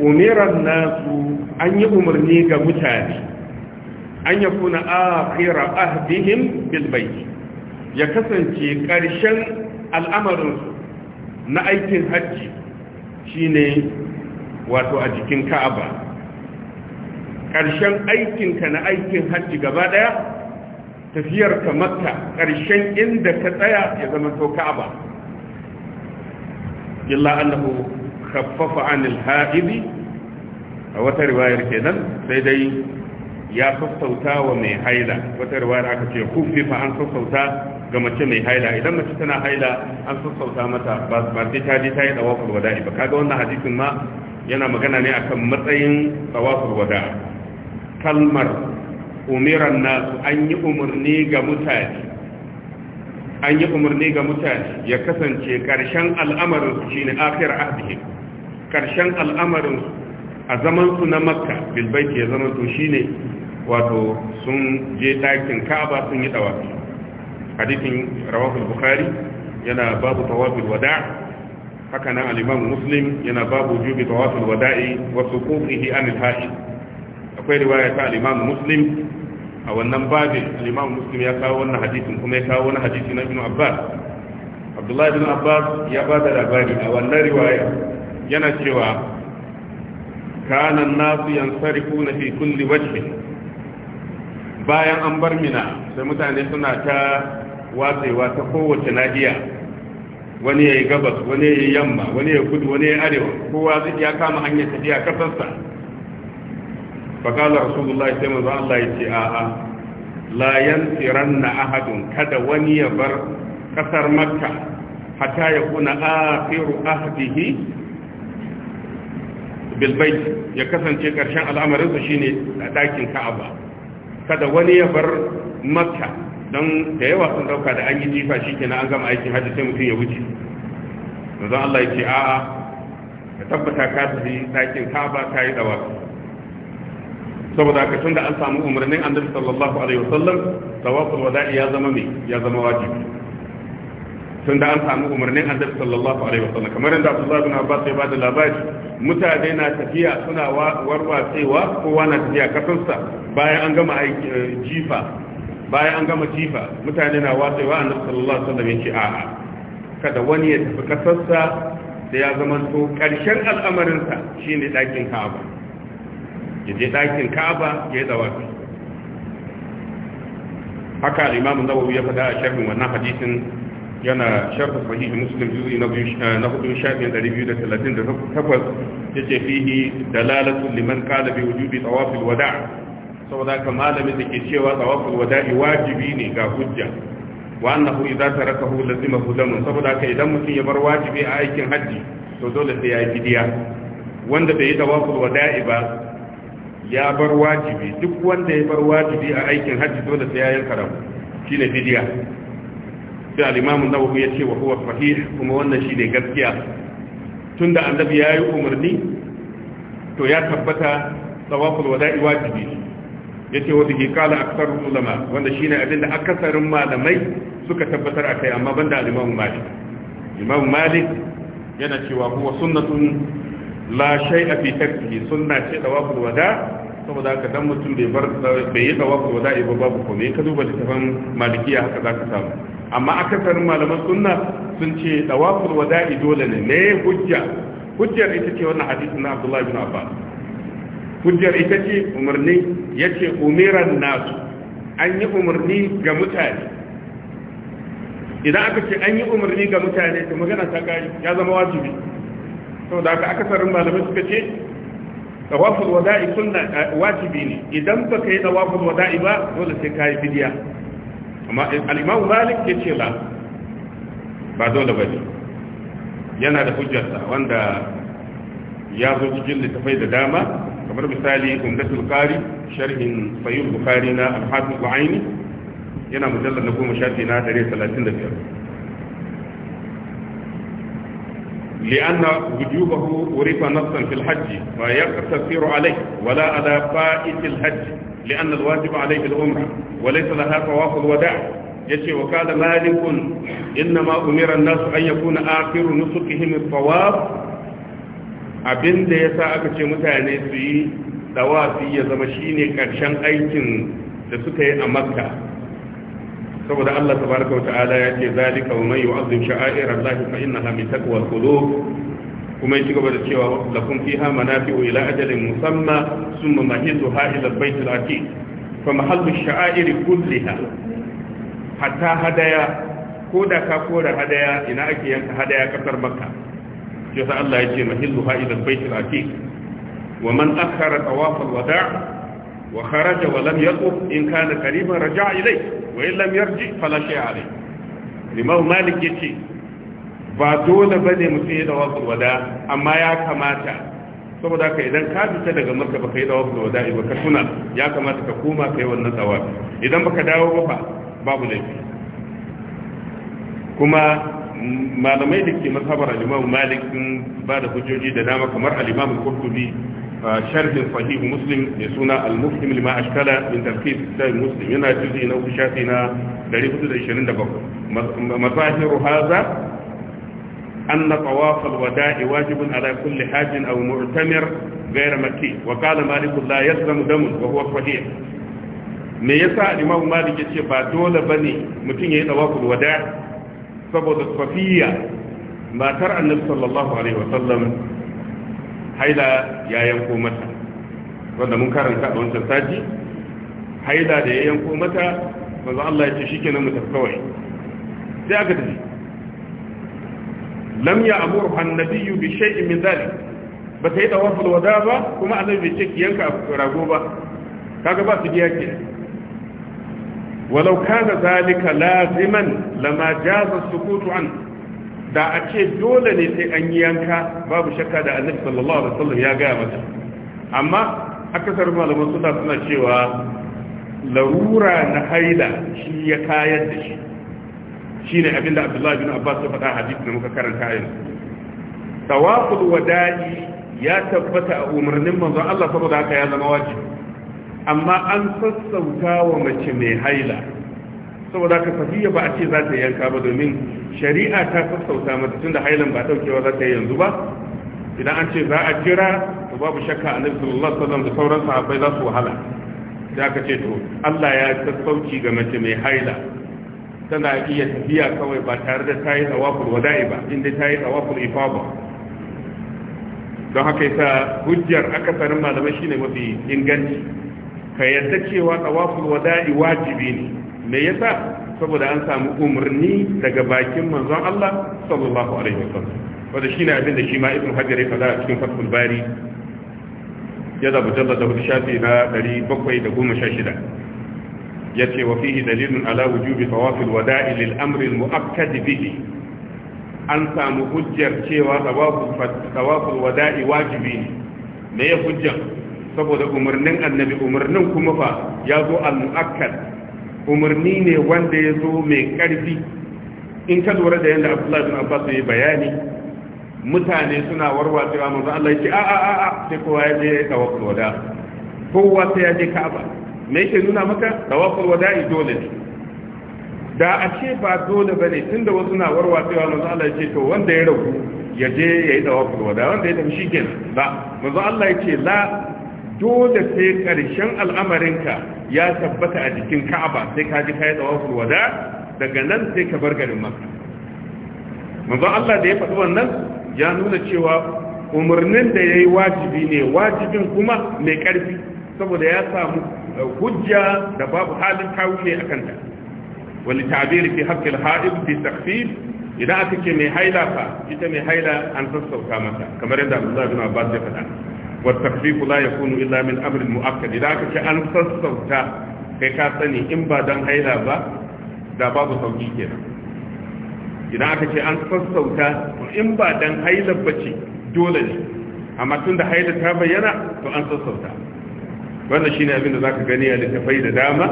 umiran nasu an yi umarni ga mutane an ya kuna akira ahdihim bil bayt ya kasance karshen al'amarin na aikin hajji shine wato a jikin Ka'aba karshen aikinka na aikin hajji gaba ɗaya, tafiyar ka makka karshen inda ka tsaya ya zama to Ka'aba illa annahu khaffafa anil ha'ibi a wata riwayar kenan sai dai ya sassauta wa mai haila wata riwayar aka ce fa an sassauta ga mace mai haila idan mace tana haila an sassauta mata ba sai ta je ta yi tsawafin wada'i ba kaga wannan hadisin ma yana magana ne akan matsayin tsawafin wada'a kalmar umiran nasu an yi umarni ga mutane an yi umarni ga mutane ya kasance ƙarshen al'amarin shine akhir ahdihim ƙarshen al'amarin a zamansu na makka bilbaiti ya zamanto ne, wato sun je ɗakin ka'aba sun yi ɗawafi hadithin rawahul bukhari yana babu tawafin wada haka nan al-imam muslim yana babu jubi tawafin wada'i wasu suqufihi an al-ha'il akwai riwaya ta al-imam muslim a wannan babin al-imam muslim ya kawo wannan hadithin kuma ya kawo wannan hadithin na ibn abbas abdullahi ibn abbas ya bada labari a wannan riwaya yana cewa kanan nasu yansarifu na fi kulli wajhi bayan an bar mina sai mutane suna ta watsewa ta kowace nahiya wani ya gabas wani ya yamma wani ya kudu wani ya arewa kowa zai ya kama hanyar tafiya kasarsa fakala rasulullahi sai manzo Allah ya ce a'a la yantiranna ahadun kada wani ya bar kasar makka hatta ya kuna akhiru ahdihi bilbai ya kasance ƙarshen al'amarinsa ne a ɗakin ka'aba kada wani ya bar makka don da yawa sun dauka da an yi jifa shi na an gama aikin hajji sai mutum ya wuce manzon Allah ya ce a'a ka tabbata ka tafi ɗakin ka'aba ka yi dawa saboda haka tun da an samu umarnin annabi sallallahu alaihi wasallam tawaful wada'i ya zama ya zama wajibi tun da an samu umarnin annabi sallallahu alaihi wasallam kamar yadda Abdullah bin Abbas ya bada labari mutane na tafiya suna warwatsewa kowa na tafiya kasansa bayan an gama eh, jifa bayan an gama jifa mutane na watsewa annabi sallallahu alaihi wasallam yace a'a kada wani ya tafi kasansa da ya zama to karshen al'amarin sa shine dakin Ka'aba ya je dakin Ka'aba ya yi dawafi haka al-Imam Nawawi ya faɗa a sharhin wannan hadisin yana sharh sahih muslim juz'i na eh, na hudu shafin 238 yace fihi dalalatu liman qala bi wujubi tawaf alwada' saboda ka malamin da ke cewa tawaf alwada'i wajibi ne ga hujja wa annahu idza tarakahu lazimahu damun saboda ka idan mutum ya bar wajibi a aikin haji to dole sai ya yi fidiya wanda bai yi tawaf wada ba ya bar wajibi duk wanda ya bar wajibi a aikin haji dole sai ya yanka rabu shine fidiya da alimamun na nawawi ya ce wa huwa sahih kuma wannan shi ne gaskiya tun da annabi ya yi umarni to ya tabbata tawaful wada'i wajibi ya yace ke bihi qala akthar ulama wanda shi ne abinda akasarin malamai suka tabbatar a kai amma banda alimamun malik alimamun malik yana cewa huwa sunnatun la a fi tarkihi sunna ce tawaful wada' saboda haka dan mutum bai bar bai yi tawaful wada'i ba babu komai ka duba littafin malikiya haka zaka samu amma akasarin malaman sunna sun ce dawaful wada'i dole ne ne hujja hujjar ita ce wannan hadisi na Abdullah ibn Abbas hujjar ita ce umarni yace umiran nasu an yi umarni ga mutane idan aka ce an yi umarni ga mutane to magana ta kai ya zama wajibi saboda aka akasarin malamai suka ce dawaful wada'i sunna eh, wajibi ne idan baka yi dawaful wada'i ba dole sai kai bidiya amma al malik yace la ba dole bane yana da hujjarsa wanda ya zo cikin littafai da dama kamar misali umdatul kari sharhin fayyul bukari na al-hafiz yana mujallal na goma shafi na 135 لأن وجوبه ورث نصا في الحج فيقتصر عليه ولا على فائت الحج لأن الواجب عليه الأمرة وليس لها طواف الوداع يشي وقال مالك إنما أمر الناس أن يكون آخر نسكهم الطواف abin ya sa aka ce mutane su yi dawafi ya zama shine karshen aikin da suka yi a makka saboda Allah tabaraka wa ta'ala ya ce zalika wa man yu'azzim sha'air Allah fa innaha min taqwa qulub kuma ya ci gaba da cewa lakum fiha manafi'u ila ajalin musamma summa mahizuha ila al-bayt al-atiq fa mahallu ash-sha'air kulliha hatta hadaya ko da ka kora hadaya ina ake yanka hadaya kasar makka sai sa Allah ya ce mahizuha ila al-bayt al-atiq wa man akhara tawaf al-wada' wa kharaja wa lam yaquf in kana qariban raja'a ilayhi wa in lam yarji fala shay'a alayhi limahu malik yace ba dole ba ne mutum ya dawa wada amma ya kamata saboda haka idan ka fita daga ba baka yi dawa wada ba ka tuna ya kamata ka koma ka yi wannan dawa idan baka dawo ba ba babu laifi kuma malamai da ke masabar alimamu imam malik sun ba da hujjoji da dama kamar al-imam al sharhin sahihu muslim mai suna al-muslim lima ashkala min tarkis sai muslim yana juzi na uku shafi na 427 mazahiru haza أن طواف الوداع واجب على كل حاج أو معتمر غير مكي وقال مالك لا يلزم دم وهو صحيح me yasa Imam Malik ya ce ba dole ba bane mutum ya yi tawaful wada saboda Safiya matar Annabi sallallahu alaihi wa wasallam haila ya yanko mata wanda mun karanta a wancan sati haila da ya yanko mata manzo Allah ya ce shikenan mu tafi kawai sai aka tafi lam ya amuru annabi bi shay'in min zalik ba ta yi tawaful wada ba kuma annabi bai ce ki yanka rago ba kaga ba su biya ke walau kana zalika laziman lama jaza sukutu an da a ce dole ne sai an yi yanka babu shakka da annabi sallallahu alaihi wasallam ya gaya mata amma akasar malaman suna suna cewa larura na haila shi ya kayar da shi shine abin da Abdullahi bin Abbas ta faɗa a da muka karanta yanzu tawaful wada'i ya tabbata a umarnin manzon Allah saboda haka ya zama wajibi amma an sassauta wa mace mai haila saboda haka safiya ba a ce za ta yanka ba domin shari'a ta sassauta mata da hailan ba daukewa za ta yi yanzu ba idan an ce za a jira to babu shakka annabi sallallahu alaihi wasallam da sauran sahabbai za su wahala da aka ce to Allah ya sassauci ga mace mai haila tana iya tafiya kawai ba tare da ta yi tsawaful wada'i ba inda ta yi tsawaful ifaba don haka yasa hujjar akasarin malamai shine mafi inganci ka yadda cewa tsawaful wada'i wajibi ne me yasa saboda an samu umarni daga bakin manzon Allah sallallahu alaihi wasallam wanda shine abin da shi ma ibn hajar ya faɗa a cikin fathul bari ya da mujallada shafi na 716 yace wa fihi dalilun ala wujubi tawafil wada'i lil amri al mu'akkad bihi an samu hujjar cewa tawaful wada'i wajibi ne me ya hujjar saboda umarnin annabi umarnin kuma fa ya zo al mu'akkad umarni ne wanda ya zo mai karfi in ka lura da yadda abdullahi bin abbas ya bayani mutane suna warwacewa manzo Allah ya ce a a a sai kowa ya je tawaful wada kowa sai ya je ka'aba me yake nuna maka tawakkul wada'i dole ne da a ce ba dole bane tunda wasu na cewa, manzo Allah ya ce to wanda ya ragu ya je ya yi tawakkul wada wanda ya tafi shikenan ba manzo Allah ya ce la dole sai karshen al'amarinka ya tabbata a jikin Ka'aba sai ka ji kai tawakkul wada daga nan sai ka bar garin Makka manzo Allah da ya faɗi wannan ya nuna cewa umarnin da ya yi wajibi ne wajibin kuma mai ƙarfi saboda ya samu hujja da babu halin tawili a kanta wani tabiri fi haƙƙil haɗin fi takfif idan aka ce mai haila fa ita mai haila an sassauta mata kamar yadda abu abdullahi bin abbas ya faɗa wa takfifu la kunu illa min amrin mu'akkad idan aka ce an sassauta kai ka sani in ba dan haila ba da babu sauƙi kenan idan aka ce an sassauta in ba dan haila bace dole ne amma tun da haila ta bayyana to an sassauta wannan shine abin da zaka gani a littafai da dama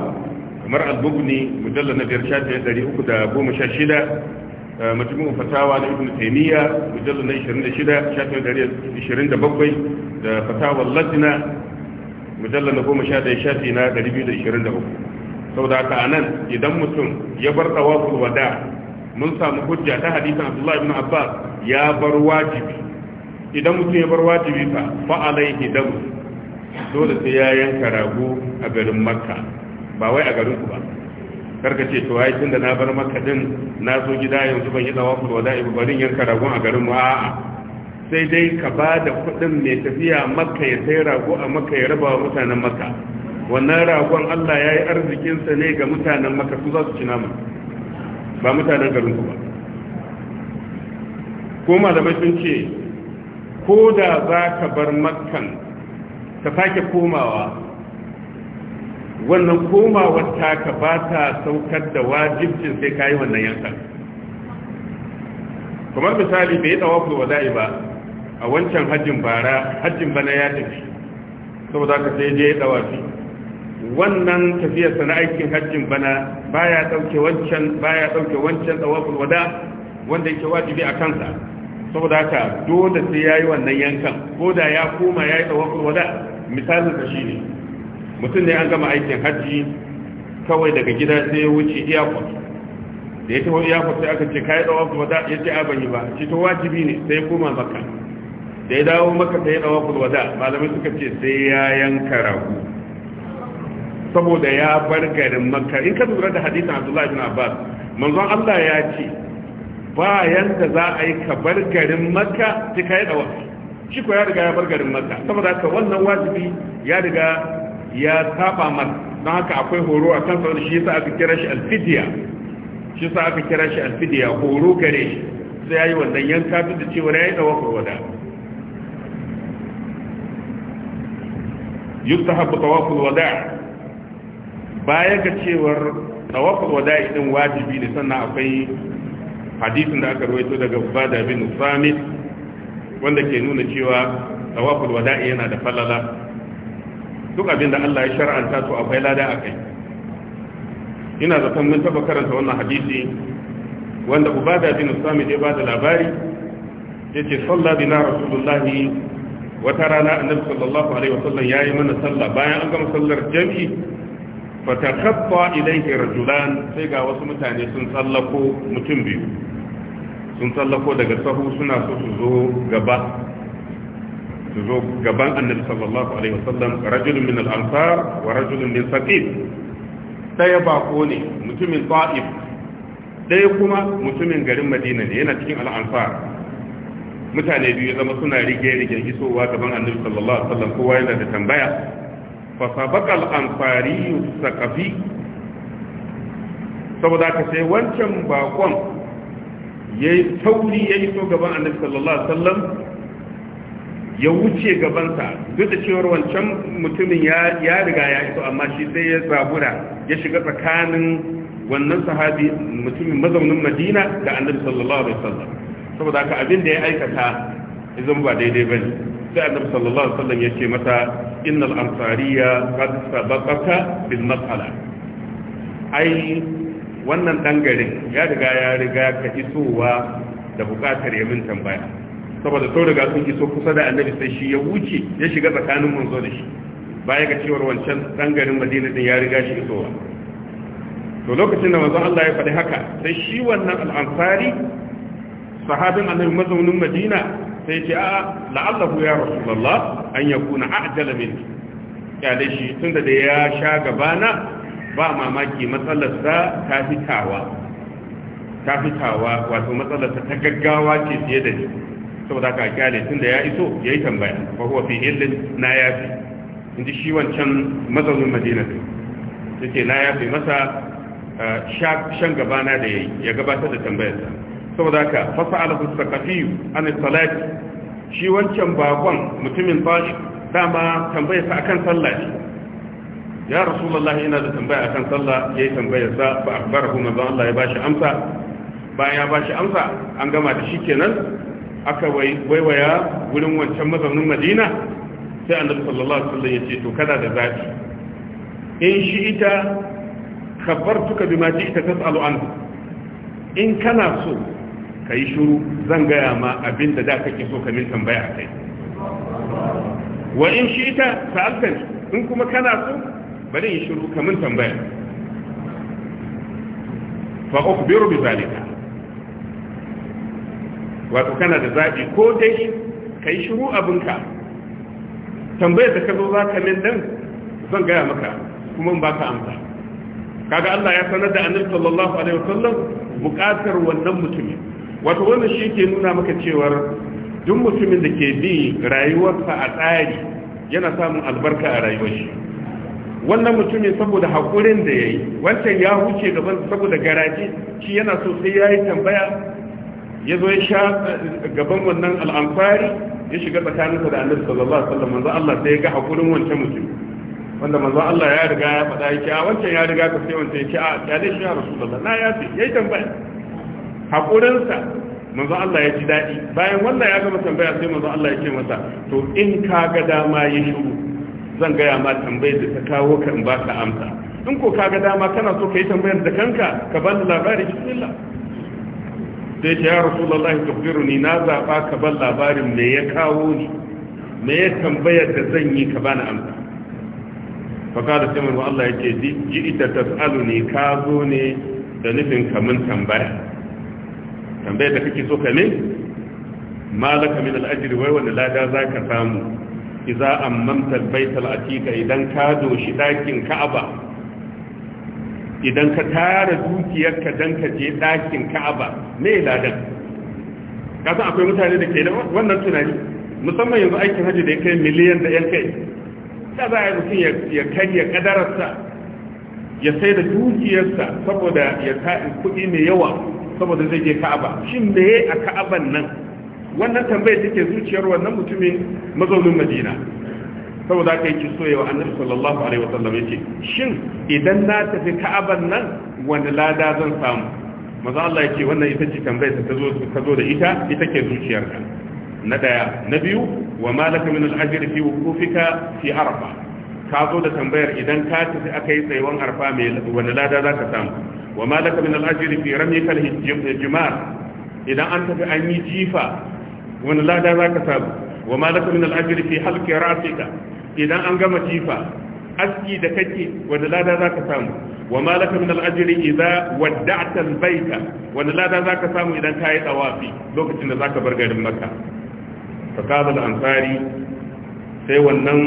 kamar al-bughni mujallal na biyar shafi ɗari uku da goma sha shida eh, mutumin fatawa na ibnu taymiya mujallal na ishirin da shida shafi ɗari ishirin da bakwai da fatawa latina mujallal na goma sha ɗaya shafi na ɗari biyu da ishirin da uku Sau da haka a nan idan mutum ya bar tawaful wada mun samu hujja ta hadisin abdullahi ibn abbas ya bar wajibi idan mutum ya bar wajibi fa fa alaihi damu dole sai ya yanka rago a garin makka ba wai a garin ku ba karka ce to ai tunda na bar makka din na zo gida yanzu ban yi ku da ibu barin yanka rago a garin mu a'a sai dai ka ba da kuɗin mai tafiya makka ya sai rago a makka ya raba wa mutanen makka wannan ragon Allah ya yi arzikinsa ne ga mutanen makka su za su ci naman ba mutanen garin ku ba ko malamai sun ce ko da za ka bar makkan ka sake komawa wannan komawar taka ba ta saukar da wajibcin sai kayi wannan yankan kamar misali bai tsawafu wada'i ba a wancan hajjin bara hajjin bana ya tafi saboda ka sai je ya tsawafi wannan tafiya sana aikin hajjin bana baya dauke wancan baya dauke wancan tsawafin wada wanda yake wajibi a kansa saboda haka dole sai yayi wannan yankan ko da ya koma yayi tawaful wada misalin ka shine mutum ne an gama aikin haji kawai daga gida sai ya wuce airport da ya tafi airport sai aka ce kai tawaful wada ya ce ban yi ba shi to wajibi ne sai ya koma makka da ya dawo makka sai ya tawaful wada malamai suka ce sai ya yanka rago saboda ya bar garin makka in ka lura da hadisin Abdullah ibn Abbas manzon Allah ya ce ba da za a yi ka bar garin maka ta ka yi wasu shi ko ya riga ya bar garin maka saboda haka wannan wajibi ya riga ya saba mata don haka akwai horo a kan saboda shi yasa aka kira shi alfidiya shi yasa aka kira shi alfidiya horo gare shi sai ya yi wannan yanka duk da cewa ya yi wasu wada yustahabbu tawaful wada' baya ga cewar tawaful wada din wajibi ne sannan akwai hadisin da aka rawaito daga Ubada bin Samit wanda ke nuna cewa tawaful wada'i yana da falala duk abin da Allah ya shar'anta to akwai lada a kai? ina zaton mun taba karanta wannan hadisi wanda Ubada bin Samit ya bada labari yace sallah bina rasulullahi wata rana annabi sallallahu alaihi wasallam yayi mana sallah bayan an gama sallar jami'i fatakaffa ilaihi rajulan sai ga wasu mutane sun tsallako mutum biyu sun tsallako daga sahu suna so su zo gaba su zo gaban annabi sallallahu alaihi wasallam rajulun min al-ansar wa rajulun min saqif daya bako ne mutumin ta'if Ɗaya kuma mutumin garin madina ne yana cikin al-ansar mutane biyu zama suna rige-rigen isowa gaban annabi sallallahu alaihi wasallam kowa yana da tambaya fasabaka al'amfari sakafi saboda ka sai wancan bakon ya yi tauri ya yi so gaban annabi sallallahu alaihi wasallam ya wuce gabansa duk da cewar wancan mutumin ya riga ya iso amma shi sai ya zabura ya shiga tsakanin wannan sahabi mutumin mazaunin madina da annabi sallallahu alaihi wasallam saboda haka abin da ya aikata izan ba daidai bane sai annabi sallallahu alaihi wasallam yace mata innal ansariya qad sabaqaka bil mas'ala ai wannan garin ya riga ya riga ka isowa da bukatar yamin tambaya saboda to daga sun iso kusa da annabi sai shi ya wuce ya shiga tsakanin manzo da shi baya ga cewar wancan garin madina din ya riga shi isowa to lokacin da manzo Allah ya faɗi haka sai shi wannan al'ansari sahabin annabi mazaunin madina sai ce a la'allahu ya rasulallah an ya yakuna ajala minki kyale shi tun da ya sha gabana ba mamaki matsalarsa ta fitawa ta fitawa wato matsalarsa ta gaggawa ce fiye da ni saboda ka kyale da ya iso ya yi tambaya ba kuwa fi illin na ya in ji shi wancan mazaunin madina ta ce na ya fi masa eh, shan gabana da ya gabatar da tambayarsa saboda haka fasa'ala sakafi an salati shi wancan bakon mutumin tashi dama tambayar sa akan sallah ne ya rasulallah ina da tambaya akan sallah ya yayi tambayar sa fa akbarahu manzo Allah ya bashi amsa bayan ya bashi amsa an gama da shi kenan aka waiwaya wurin wancan mazaunin madina sai annabi sallallahu alaihi wasallam ya ce to kada da zafi in shi ita kabbartuka bima ji ita tas'alu an in kana so ka yi shuru zan gaya ma abin da da kake so ka min tambaya a kai wa in shi ita sa'altan in kuma kana so bari in shuru ka min tambaya fa ukhbiru bi zalika wato kana da zaɓi ko dai ka yi shuru abinka tambayar da ka zo za ka min dan zan gaya maka kuma ba ka amsa kaga Allah ya sanar da annabi sallallahu alaihi wasallam buƙatar wannan mutumin wato wannan shi ke nuna maka cewar duk mutumin da ke bi rayuwarsa a tsari yana samun albarka a rayuwar shi wannan mutumin saboda haƙurin da ya yi wancan ya huce gaban saboda garaje shi yana so sai ya yi tambaya ya zo ya sha gaban wannan al'amfari ya shiga tsakaninsa da annabi sallallahu alaihi wasallam manzo Allah sai ya ga haƙurin wancan mutum wanda manzo Allah ya riga ya faɗa yake a wancan ya riga ka sai wancan yake a dai shi ya rasulullah na ya yi tambaya haƙurinsa manzo Allah ya ji daɗi bayan wannan ya gama tambaya sai manzo Allah ya ce masa to in ka ga dama ya shiru zan gaya ma tambayar da ta kawo ka in ba ka amsa in ko ka ga dama kana so ka yi tambayar da kanka ka bani labari bismillah sai ce ya rasulullahi tukbiruni na zaba ka ban labarin me ya kawo ni me ya tambayar da zan yi ka bani amsa fakada sai manzo Allah yake ji ita tas'aluni ka zo ne da nufin kamun tambaya tambayar da kake so ka ne malaka min al'ajiri wai wanda lada za ka samu iza ammamta albaitul atika idan ka doshi dakin ka'aba idan ka tara dukiyarka dan ka je dakin ka'aba me ladan kasan akwai mutane da ke da wannan tunani musamman yanzu aikin hajji da ya kai miliyan da yan kai ta za a mutum ya karya kadararsa ya sai da dukiyarsa saboda ya kuɗi mai yawa saboda zai je ka'aba shin meye a ka'aban nan wannan tambayar take zuciyar wannan mutumin mazaunin madina saboda aka yi so yawa annabi sallallahu alaihi wasallam yace shin idan na tafi ka'aban nan wani lada zan samu maza Allah yake wannan ita ce tambayar ta zo ta zo da ita ita ke zuciyarka na daya na biyu wa malaka min al-ajr fi wuqufika fi arfa ka zo da tambayar idan ka tafi aka yi tsayuwan arfa mai wani lada za ka samu wa ma laka min al-ajri fi ramyika al-jimar idan an tafi an yi jifa wani lada zaka samu wa laka min al-ajri fi ra'sika idan an gama jifa aski da kake wani lada zaka samu wa laka min al-ajri idza wadda'ta al-bayta wani lada zaka samu idan ka yi tawafi lokacin da zaka bar garin makka ansari sai wannan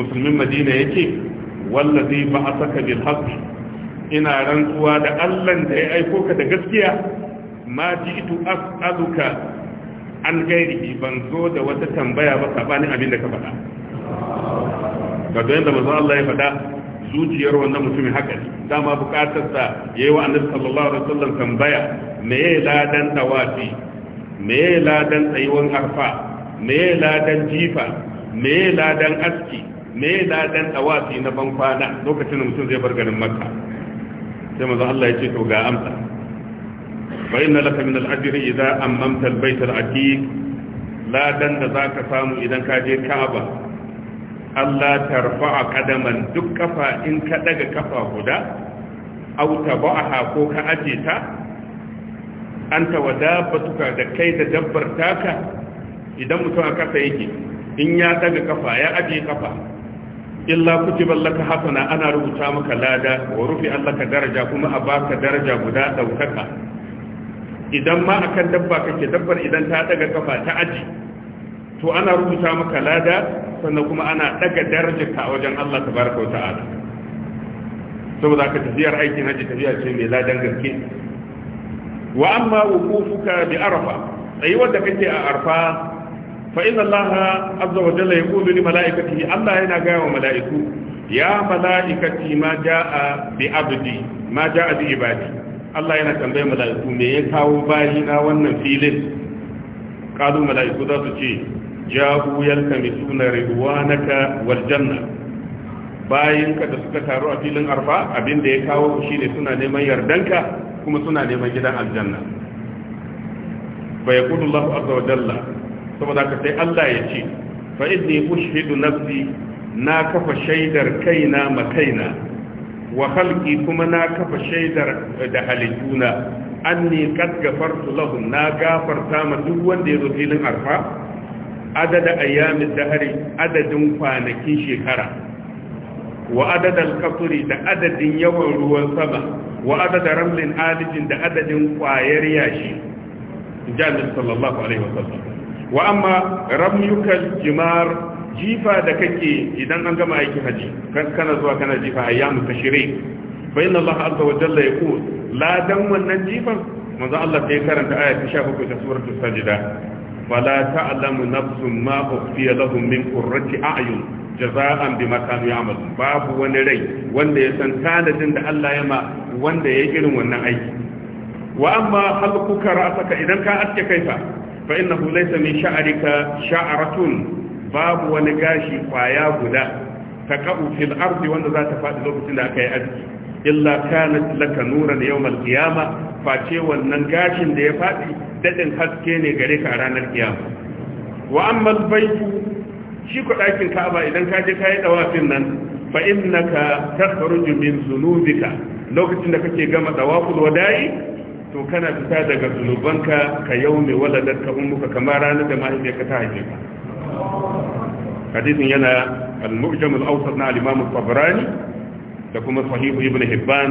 musulmin madina yake wallazi ba'asaka bil haqq ina rantsuwa da Allah da ya aiko ka da gaskiya ma ji'tu azuka an gairihi ban zo da wata tambaya ba sabanin abin da ka faɗa ga don da manzo Allah ya faɗa zuciyar wannan mutumin haka ne dama buƙatar sa yayi wa annabi sallallahu alaihi wasallam tambaya me ya ladan tawafi me ya ladan tsayuwan arfa me ya ladan jifa me ya ladan aski me ya ladan tawafi na ban kwana lokacin da mutum zai bar garin makka sai manzo Allah ya ce to ga amsa fa na laka min al-ajri ammamta al-bayt ladan da zaka samu idan ka je Ka'aba Allah a qadaman duk kafa in ka daga kafa guda aw tabaha ko ka aje ta anta wadabatuka da kai da dabbar taka idan mutum a kasa yake in ya daga kafa ya aje kafa illa kutiba laka hasana ana rubuta maka lada wa rufi allaka daraja kuma a baka daraja guda daukaka idan ma akan dabba kake dabbar idan ta daga kafa ta aji to ana rubuta maka lada sannan kuma ana daga darajarka a wajen Allah tabaraka wa ta'ala saboda ka tafiyar aikin haji tafiya ce mai ladan gaske wa amma wuqufuka bi arafa tsayuwar da kake a arfa fa inna allaha azza wa jalla yaqulu li malaikatihi allah yana gaya wa mala'iku ya mala'ikati ma jaa bi abdi ma jaa bi ibadi allah yana tambaye mala'iku me ya kawo bayi na wannan filin kalu mala'iku za su ce ja'u yaltamisuna ridwanaka wal janna bayin ka da suka taru a filin arfa abin da ya kawo shine suna neman yardanka kuma suna neman gidan aljanna fa yaqulu azza wa jalla saboda ka sai Allah ya ce fa inni ushhidu nafsi na kafa shaidar kaina ma kaina wa khalqi kuma na kafa shaidar da halittuna anni qad gafartu lahum na gafarta ma duk wanda ya zo filin arfa adada ayyamin dahari adadin kwanakin shekara wa adadal kafuri da adadin yawan ruwan sama wa adada ramlin alijin da adadin kwayar yashi jami'in sallallahu alaihi wasallam wa amma ramyukal jimar jifa da kake idan an gama aikin haji kana zuwa kana jifa ayyamu tashrik fa inna Allah azza wa jalla yaqul la dan wannan jifan manzo Allah sai karanta aya ta 17 ta suratul sajda wala ta'lamu nafsun ma ukhfiya lahum min qurrati a'yun jaza'an bima kanu ya'malun babu wani rai wanda ya san tanadin da Allah ya ma wanda ya irin wannan aiki wa amma halquka ra'saka idan ka aske kaifa fa innahu laysa min sha'rika babu wani gashi kwaya guda taqau fil ardi wanda za ta faɗi lokacin da aka yi arziki illa kanat laka nuran yawmal qiyama face wannan gashin da ya faɗi daɗin haske ne gare ka a ranar kiyama wa amma albaytu shi ku ɗakin ka'aba idan ka je ka yi dawafin nan fa ka takhruju min zunubika lokacin da kake gama dawaful wada'i to kana fita daga zunubanka ka yau mai waladar ka ummuka kamar ranar da ka ta haife ka hadisin yana al-mu'jam al-awsat na al-imam al-tabrani da kuma sahih ibn hibban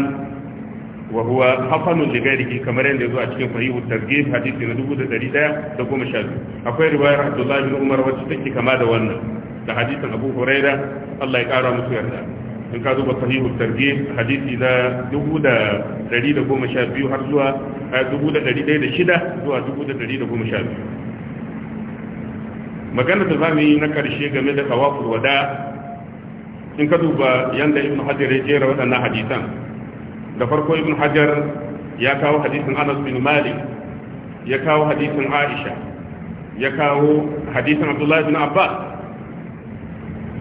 wa huwa hasan li ghairihi kamar yadda yazo a cikin sahih at-targhib hadisi na 1112 akwai riwayar abdullah bin umar wacce take kama da wannan da hadisin abu huraira Allah ya kara musu yarda in ka duba sahihu targhib hadisi na 1112 har zuwa 1106 eh, zuwa 1112 magana da zamu yi na karshe game da tawaful wada in ka duba yanda ibn hajar ya jera waɗannan hadisan da farko ibn hajar ya kawo hadisin anas bin malik ya kawo hadisin aisha ya kawo hadisin abdullahi bin abbas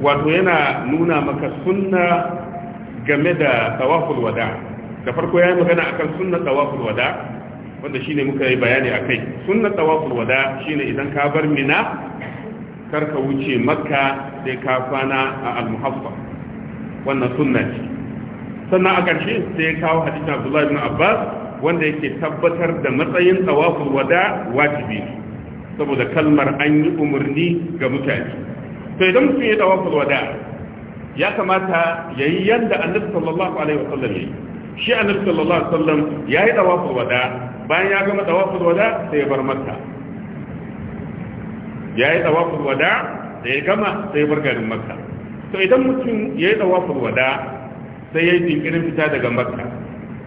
wato yana nuna maka sunna game da tsawafin wada da farko yi magana akan sunna tsawafin wada wanda shine muka yi bayani akai sunna tsawafin wada shine idan ka bar mina kar ka wuce makka sai ka kwana a almuhaffa. muhaffa wannan sunna ce sannan a ƙarshe sai kawo hadisin Abdullahi ibn Abbas wanda yake tabbatar da matsayin tsawafin wada wajibi saboda kalmar an yi umarni ga mutane to idan mutum ya tawaful wada ya kamata ya yi yanda annabi sallallahu alaihi wasallam yi shi annabi sallallahu alaihi wasallam yayi tawaful wada bayan ya gama tawaful wada sai ya bar makka yayi tawaful wada da ya gama sai ya bar garin makka to idan mutum yayi tawaful wada sai ya yi jinkirin fita daga makka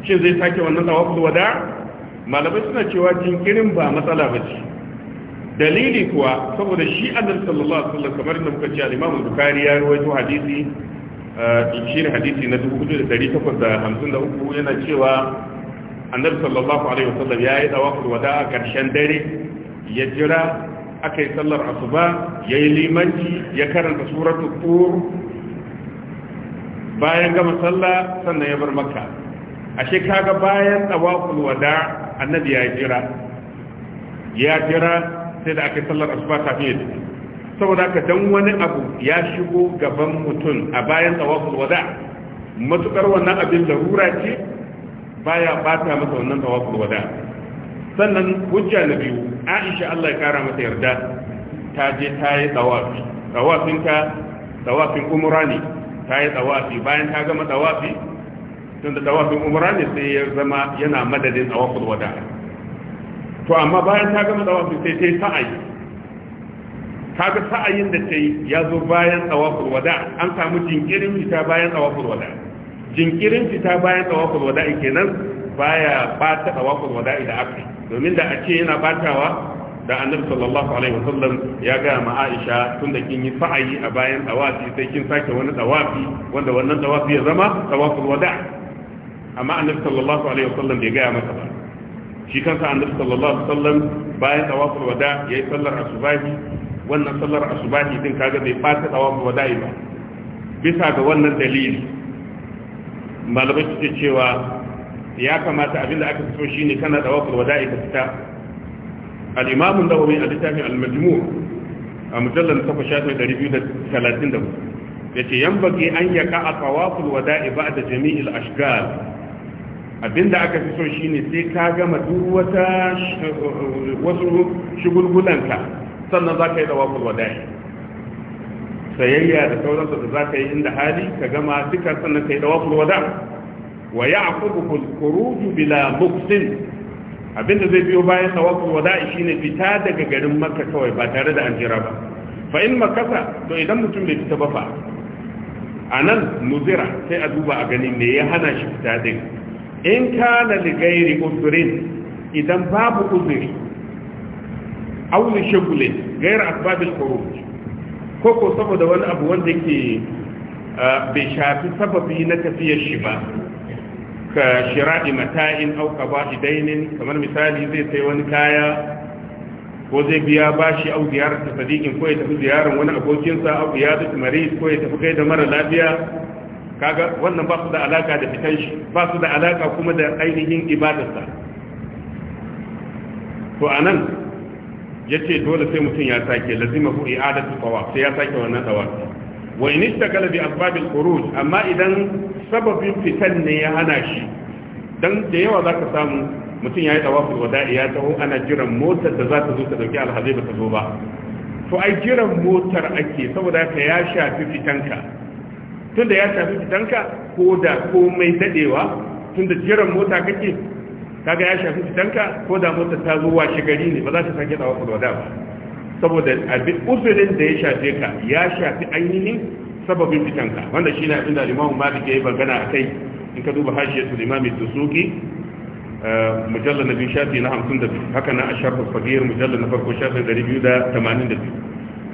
shin zai sake wannan tawaful wada malamai suna cewa jinkirin ba matsala ba ce dalili kuwa saboda shi annabi sallallahu alaihi wasallam kamar da muka ce al-Imam Bukhari ya rawaito hadisi eh, shi ne hadisi na 2853 yana cewa annabi sallallahu alaihi wasallam ya yi tawaful wada'a karshen dare ya jira akai sallar asuba ya yi limanci ya karanta suratu tur bayan gama sallah sannan ya bar makka ashe kaga bayan tawaful wada annabi ya jira ya jira sai da aka yi sallar asuba kafin ya tafi saboda haka dan wani abu ya shigo gaban mutum a bayan tsawafin wada matukar wannan abin larura ce baya bata masa wannan tsawafin wada sannan hujja na biyu Aisha Allah ya kara mata yarda ta je ta yi tawafi tawafin ta tawafin umra ne ta yi tawafi bayan ta gama tawafi tunda tawafin umra ne sai ya zama yana madadin tsawafin wada to amma bayan ta gama tsawafi sai ta yi sa'ayi kaga sa'ayin da ta yi ya zo bayan tsawafin wada an samu jinkirin fita bayan tsawafin wada jinkirin fita bayan tsawafin wada kenan baya bata tsawafin wada da aka domin da a ce yana batawa da annabi sallallahu alaihi wasallam ya ga ma Aisha tun da kin yi sa'ayi a bayan tawafi sai kin sake wani tawafi wanda wannan tawafi ya zama tawaful wada amma annabi sallallahu alaihi wasallam bai ga mata ba shi kansa annabi sallallahu alaihi wasallam bayan tawaful wada yayi sallar asubahi wannan sallar asubahi din kaga bai fata tawaful wada ba bisa ga wannan dalili malamai suke cewa ya kamata abinda aka fito shine kana tawaful wada ka fita al-imam an-nawawi a littafin al-majmu' a mujallal 1234 yace yanbaghi an yaka tawaful wada ba'da jami'il ashghal abinda aka fi so shine sai ka gama duk wata wasu shugulgulanka sannan za ka yi da shi. sayayya da sauransu da za ka yi inda hali ka gama duka sannan ka yi dawakul wada wa ya akubu kurutu bila muksin abinda zai biyo bayan da shi ne fita daga garin maka kawai ba tare da an jira ba fa in makasa to idan mutum bai fita ba fa a nan muzira sai a duba a gani me ya hana shi fita din in kana li gairi uzurin idan babu uzuri auli shugule gairi gair ko ko saboda wani abu wanda ke bai shafi sababi na tafiyar shi ba ka shira'i mata'in auka ba dainin kamar misali zai sai wani kaya ko zai biya bashi au ziyarar ta ko ya tafi ziyarar wani abokinsa au ya zuci maris ko ya tafi gaida mara lafiya kaga wannan ba su da alaka da fitan shi ba su da alaka kuma da ainihin ibadarsa to ya yace dole sai mutum ya sake lazima hu i'adatu tawaf sai ya sake wannan tawaf wa in istakala bi asbabil khuruj amma idan sababin fitan ne ya hana shi dan da yawa zaka samu mutum yayi tawaful wada'i ya taho ana jiran motar da za ta zo ta dauki alhaji ba ta zo ba to ai jiran motar ake saboda ka ya shafi fitanka tunda ya shafi fitanka ko da komai dadewa tunda jiran mota kake kaga ya shafi fitanka ko da mota ta zo washe gari ne ba za ta sake dawo da ba saboda abin usulin da ya shafe ka ya shafi ainihin sababin fitanka wanda shine abin da Imam Malik ya yi a akai in ka duba su Imam Tusuki eh, mujallal na biyu shafi na biyu, haka na asharhu fagir mujallal na farko shafi 282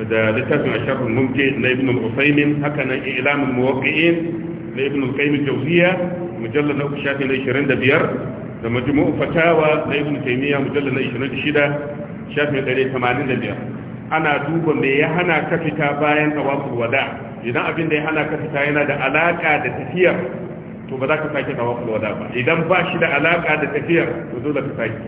da littafin a asharhul mumkin na ibn al-usaymin haka nan ilamul muwaqqi'in na ibn al-qayyim al-jawziyya mujallal na 25 da majmu'u fatawa na ibn taymiya mujallal na 26 shafin 185 ana duba me ya hana ka fita bayan tawaful wada idan abin da ya hana ka fita yana da alaka da tafiyar to ba za ka sake tawaful wada ba idan ba shi da alaka da tafiyar to dole ka sake